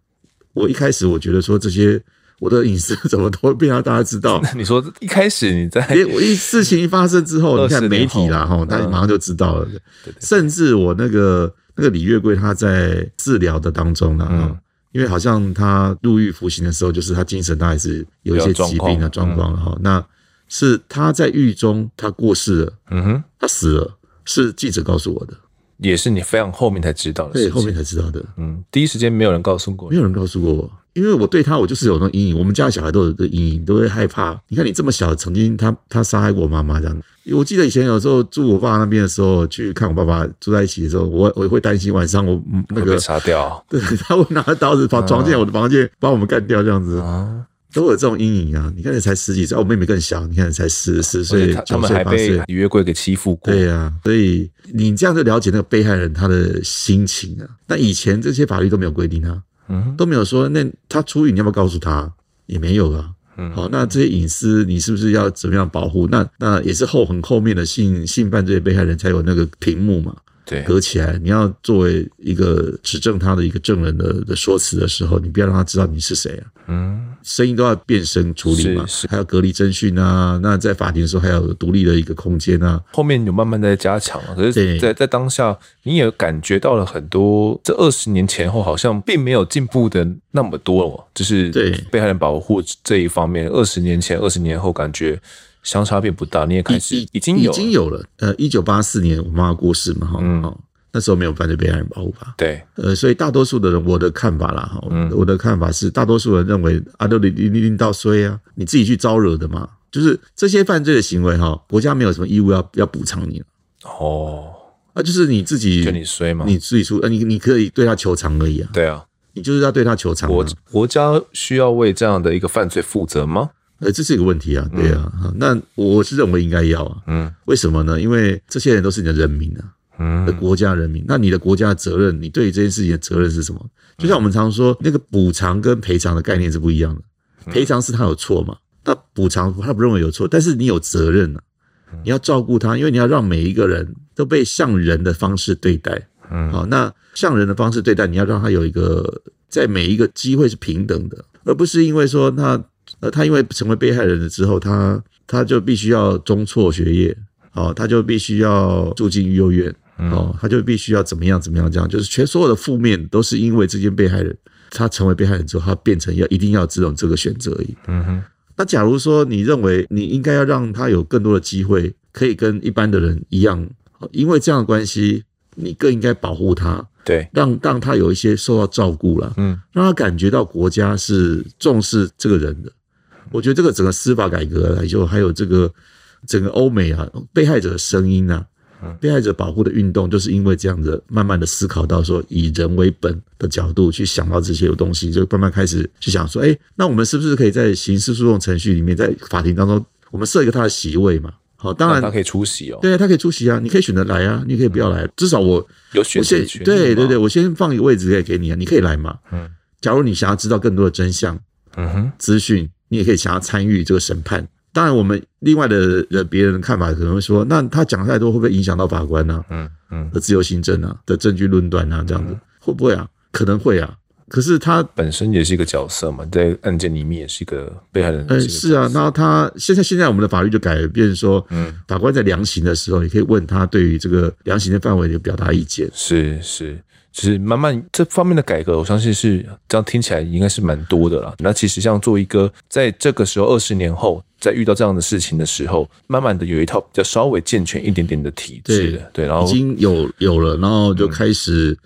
S2: 我一開始我覺得說這些。嗯我的隱私怎麼都會被他大家知道？ [laughs] 你說一開始你在，我一事情一發生之後， [laughs] 你看媒體啦，哈，他馬上就知道了。嗯、甚至我那個那個李月桂，他在治療的當中呢、啊嗯，因為好像他入獄服刑的時候，就是他精神大概是有一些疾病的狀況哈。那是他在獄中他過世了，嗯哼，他死了，是記者告訴我的，也是你非常後面才知道的，對，後面才知道的。嗯，第一時間沒有人告訴過，沒有人告訴過我。因為我對他，我就是有那種陰影。我們家小孩都有這陰影，都會害怕。你看，你這麼小，曾經他他殺害過我媽媽這樣子。我記得以前有時候住我爸那邊的時候，去看我爸爸住在一起的時候，我我會擔心晚上我那個殺掉，對，他會拿刀子把闖進我的房間、啊，把我們幹掉這樣子啊，都有這種陰影啊。你看你才十幾歲，我妹妹更小，你看你才十十歲，九歲八歲，李月桂給欺負過，對啊，所以你這樣就了解那個被害人他的心情啊。但以前這些法律都沒有規定啊。嗯，都沒有說，那他出獄，你要不要告訴他？也沒有啊。嗯，好，那這些隱私你是不是要怎麼樣保護？那那也是後很後面的性性犯罪被害人才有那個屏幕嘛。對，隔起來，你要作為一個指證他的一個證人的的說辭的時候，你不要讓他知道你是誰啊。嗯，聲音都要變聲處理嘛，還有隔離偵訊啊。那在法庭的時候，還有獨立的一個空間啊。後面有
S1: 慢慢在加強，可是在，在在當下，你也感覺到了很多，這二十年前後好像並沒有進步的那麼多。就是對被害人保護這一方面，二十年前、二十年後感覺。相差並不大，你也開始已、已經有已經有
S2: 了。呃，一九八四年我媽過世嘛，哈、嗯哦，那時候沒有犯罪被害人保護法，對，呃，所以大多數的人，我的看法啦，哈、嗯，我的看法是，大多數人認為啊，都你你你到衰啊，你自己去招惹的嘛，就是這些犯罪的行為，哈，國家沒有什麼義務要要補償你哦，啊，就是你自己就你衰嘛，你自己出，你你可以對他求償而已啊，對啊，你就是要對他求償，啊，國國家需要為這樣的一個犯罪負責嗎？呃，這是一個問題啊，對啊、嗯，那我是認為應該要啊，嗯，為什麼呢？因為這些人都是你的人民啊，嗯，的國家的人民，那你的國家的責任，你對於這件事情的責任是什麼？就像我們常說，那個補償跟賠償的概念是不一樣的，賠償是他有錯嘛？那補償他不認為有錯，但是你有責任啊，你要照顧他，因為你要讓每一個人都被像人的方式對待，嗯，好，那像人的方式對待，你要讓他有一個在每一個機會是平等的，而不是因為說他。呃，他因為成為被害人了之後，他他就必須要中輟學業，哦，他就必須要住進育幼院，哦，他就必須要，要怎麼樣怎麼樣這樣，就是全所有的負面都是因為這件被害人，他成為被害人之後，他變成要一定要只有這個選擇而已。嗯哼，那假如說你認為你應該要讓他有更多的機會可以跟一般的人一樣，因為這樣的關係，你更應該保護他。對，讓讓他有一些受到照顧了，嗯，讓他感覺到國家是重視這個人的。我覺得這個整個司法改革來說，就還有這個整個歐美啊，被害者的聲音啊，被害者保護的運動，就是因為這樣子，慢慢的思考到說，以人為本的角度去想到這些東西，就慢慢開始去想說，哎、欸，那我們是不是可以在刑事訴訟程序裡面，在法庭當中，我們設一個他的席位嘛？好，當然他可以出席哦。對、啊、他可以出席啊。你可以選擇來啊，你也可以不要來、啊嗯。至少我有選我先對，對對對，我先放一個位置可以給你啊。你可以來嘛。嗯，假如你想要知道更多的真相、嗯哼，資訊，你也可以想要參與這個審判。當然，我們另外的別人的看法可能會說，那他講太多會不會影響到法官呢、啊？嗯嗯，的自由心證啊的證據論斷啊，這樣子、嗯、會不會啊？
S1: 可能會啊。可是他本身也是一個角色嘛，在案件裡面也是一個被害人
S2: 是、嗯。是啊，那他現在現在我們的法律就改變，變說、嗯，法官在量刑的時候，你可以問他對於這個量刑的範圍的表達意見。是是，其實慢慢這方
S1: 面的改革，我相信是這樣，聽起來應該是蠻多的了。那其實像做一個，在這個時候二十年後，在遇到這樣的事情的時候，慢慢的有一套比較稍微健全一點點的
S2: 體制的對。對，然後已經有有了，然後就開始。嗯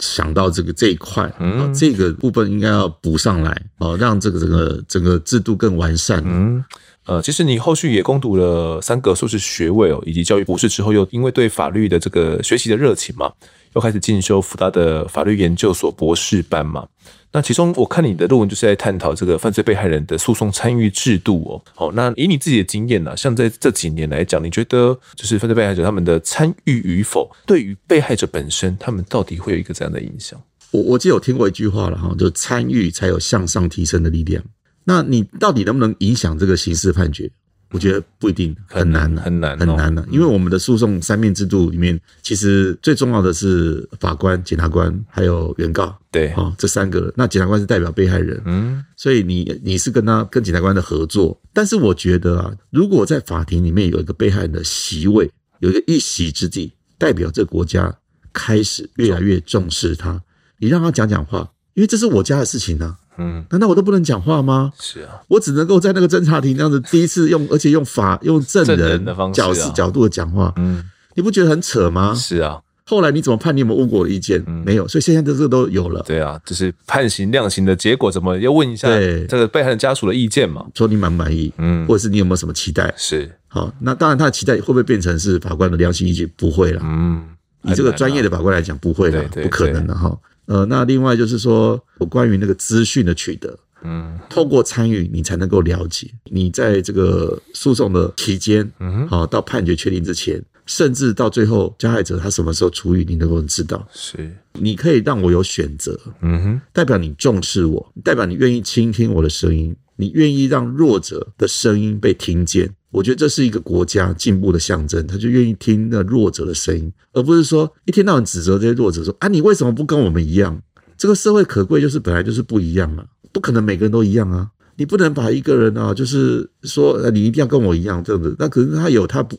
S2: 想到這個這一塊，嗯、哦，這個部分應該要補上來啊、哦，讓這個整個整個制度更完
S1: 善。嗯，呃，其實你後續也攻讀了三個碩士學位哦，以及教育博士之後，又因為對法律的這個學習的熱情嘛，又開始進修輔大的法律研究所博士班嘛。那其中，我看你的論文就是在探討這個犯罪被害人的訴訟參與制度哦。好，那以你自己的經驗呢，啊，像在這幾年來講，你覺得就是犯罪被害者他們的
S2: 參與與否，對於被害者本身，他們到底會有一個怎樣的影響？我我記得有聽過一句話了哈，就參與才有向上提升的力量。那你到底能不能影響這個刑事判決？我覺得不一定，很難，很難，很難的、啊、很難哦、因為我們的訴訟三面制度裡面，嗯、其實最重要的是法官、檢察官還有原告，對啊、哦，這三個。那檢察官是代表被害人，嗯，所以你你是跟他跟檢察官的合作。但是我覺得啊，如果在法庭裡面有一個被害人的席位，有一個一席之地，代表這個國家開始越來越重視他，你讓他講講話，因為這是我家的事情啊。嗯，難道我都不能講話嗎？是啊，我只能夠在那個偵查庭這樣子第一次用，而且用法用證人，證人的方式、啊、角，色角度的講話。嗯，你不覺得很扯嗎？是啊。後來你怎麼判？你有沒有問過我的意見、嗯？沒有，所以現在這個都有了。
S1: 對啊，就是判刑量刑的結果，怎麼要問一下這個被害人家屬的意見嘛？
S2: 說你滿滿意？嗯，或者是你有沒有什麼期待？是。好，那當然，他的期待會不會變成是法官的良心意見？嗯、不會了。嗯、啊，以這個專業的法官來講，不會了，對對對，不可能的哈。呃，那另外就是說，我關於那個資訊的取得，嗯，透過參與你才能夠了解，你在這個訴訟的期間，嗯，好，到判決確定之前，甚至到最後，加害者他什麼時候出獄，你能夠知道，是，你可以讓我有選擇，嗯哼，代表你重視我，代表你願意傾聽我的聲音，你願意讓弱者的聲音被聽見。我覺得這是一個國家進步的象徵，他就願意聽那弱者的聲音，而不是說一天到晚指責這些弱者說，說啊，你為什麼不跟我們一樣？這個社會可貴就是本來就是不一樣嘛，啊，不可能每個人都一樣啊！你不能把一個人啊，就是說、啊、你一定要跟我一樣這樣子，那可是他有他不，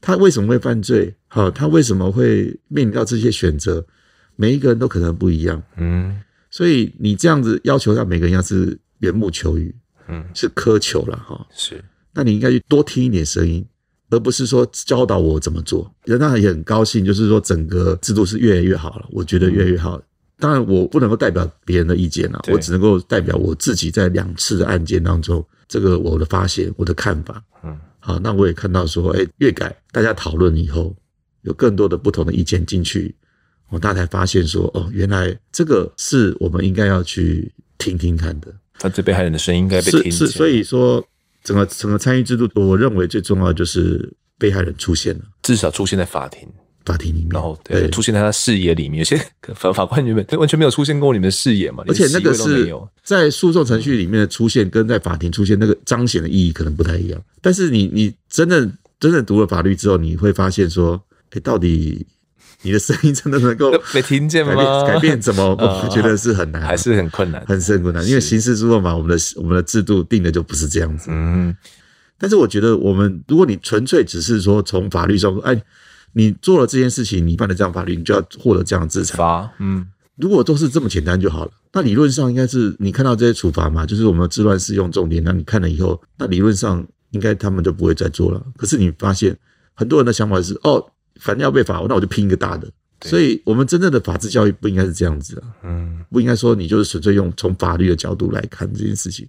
S2: 他為什麼會犯罪？好、啊，他為什麼會面臨到這些選擇？每一個人都可能不一樣，嗯。所以你這樣子要求他每個人要是緣木求魚，嗯，是苛求了哈，是。那你應該去多聽一點聲音，而不是說教導我怎麼做。人家也很高興，就是說整個制度是越來越好了。我覺得越來越好。嗯、當然，我不能夠代表別人的意見了，我只能夠代表我自己在兩次的案件當中，這個我的發現，我的看法。嗯，好，那我也看到說，哎、欸，越改大家討論以後，有更多的不同的意見進去，我大家才發現說，哦，原來這個是我們應該要去聽聽看的。他這被害人的聲音應該，應該被聽。是是，所以說。整個整個參與制度，我認為最重要的就是被害人出現了，至少出現在法庭、
S1: 法庭裡面，然後
S2: 對出現在他的視野裡面。有些法法官你們完全沒有出現過你們的視野嘛？而且那個是在訴訟程序裡面的出現，跟在法庭出現那個彰顯的意義可能不太一樣。但是你你真的真的讀了法律之後，你會發現說，哎、欸，到底。你的聲音真的能夠
S1: 被聽見嗎？改變怎麼、嗯？我覺得
S2: 是很難，還是很困難，很是很困難是。因為刑事訴訟嘛，我們的我們的制度定的就不是這樣子。嗯。但是我覺得，我們如果你純粹只是說從法律上，哎，你做了這件事情，你犯了這樣法律，你就要獲得這樣的制裁。嗯。如果都是這麼簡單就好了。那理論上應該是你看到這些處罰嘛，就是我們治亂世用重典。那你看了以後，那理論上應該他們就不會再做了。可是你發現很多人的想法是哦。反正要被罰，那我就拼一個大的。所以，我們真正的法治教育不應該是這樣子啊，嗯，不應該說你就是純粹用從法律的角度來看這件事情，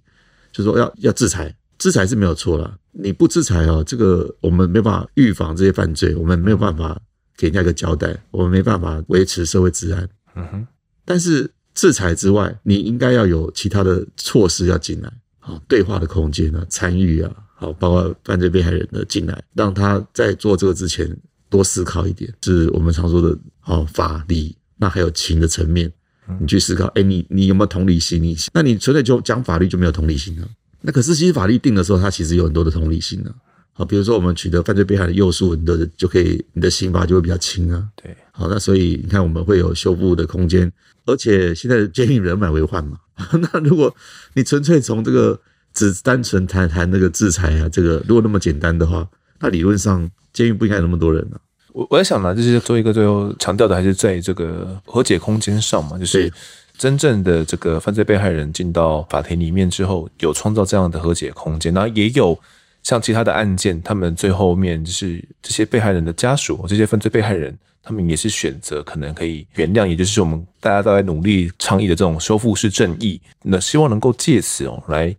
S2: 就說要要制裁，制裁是沒有錯啦。你不制裁啊、哦，這個我們沒辦法預防這些犯罪，我們沒有辦法給人家一個交代，我們沒辦法維持社會治安。嗯哼，但是制裁之外，你應該要有其他的措施要進來，好，對話的空間啊，參與啊，好，包括犯罪被害人的進來，讓他在做這個之前。多思考一點，就是我們常說的，好、哦、法理。那還有情的層面，你去思考，哎、欸，你你有沒有同理心？你，那你純粹就講法律就沒有同理心了、啊。那可是其實法律定的時候，它其實有很多的同理心了。好，比如說我們取得犯罪被害的宥恕，你的就可以，你的刑罰就會比較輕啊。對，好，那所以你看，我們會有修復的空間，而且現在監獄人滿為患嘛。那如果你純粹從這個只單純談談那個制裁啊，這個如果那麼簡單的話，那理論上。監獄不應該那麼多人呢、啊。
S1: 我我在想呢，就是做一個最後強調的，還是在這個和解空間上嘛，就是真正的這個犯罪被害人進到法庭裡面之後，有創造這樣的和解空間。那也有像其他的案件，他們最後面就是這些被害人的家屬，這些犯罪被害人，他們也是選擇可能可以原諒，也就是我們大家都在努力倡議的這種修復式正義。那希望能夠借此哦、喔、來。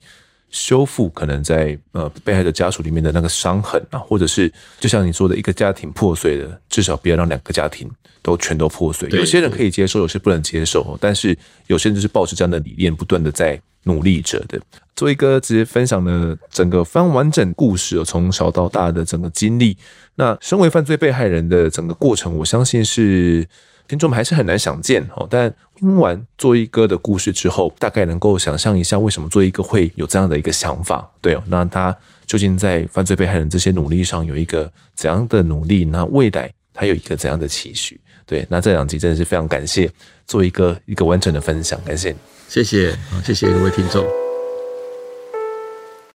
S1: 修復可能在呃被害者家屬裡面的那個傷痕啊，或者是就像你說的，一個家庭破碎的，至少不要讓兩個家庭都全都破碎。對對對。有些人可以接受，有些不能接受，但是有些人就是抱着這樣的理念，不斷的在努力着的。對。作為一個直接分享了整個翻完整故事，從小到大的整個經歷，那身為犯罪被害人的整個過程，我相信是。聽眾們還是很難想見哦，但聽完作逸哥的故事之後，大概能夠想象一下為什麼作逸哥會有這樣的一個想法。對，哦，那他究竟在犯罪被害人這些努力上有一個怎樣的努力？那未來他有一個怎樣的期許？對，那這兩集真的是非常感謝作逸哥一個完整的分享，感謝你謝謝，謝謝各位聽眾。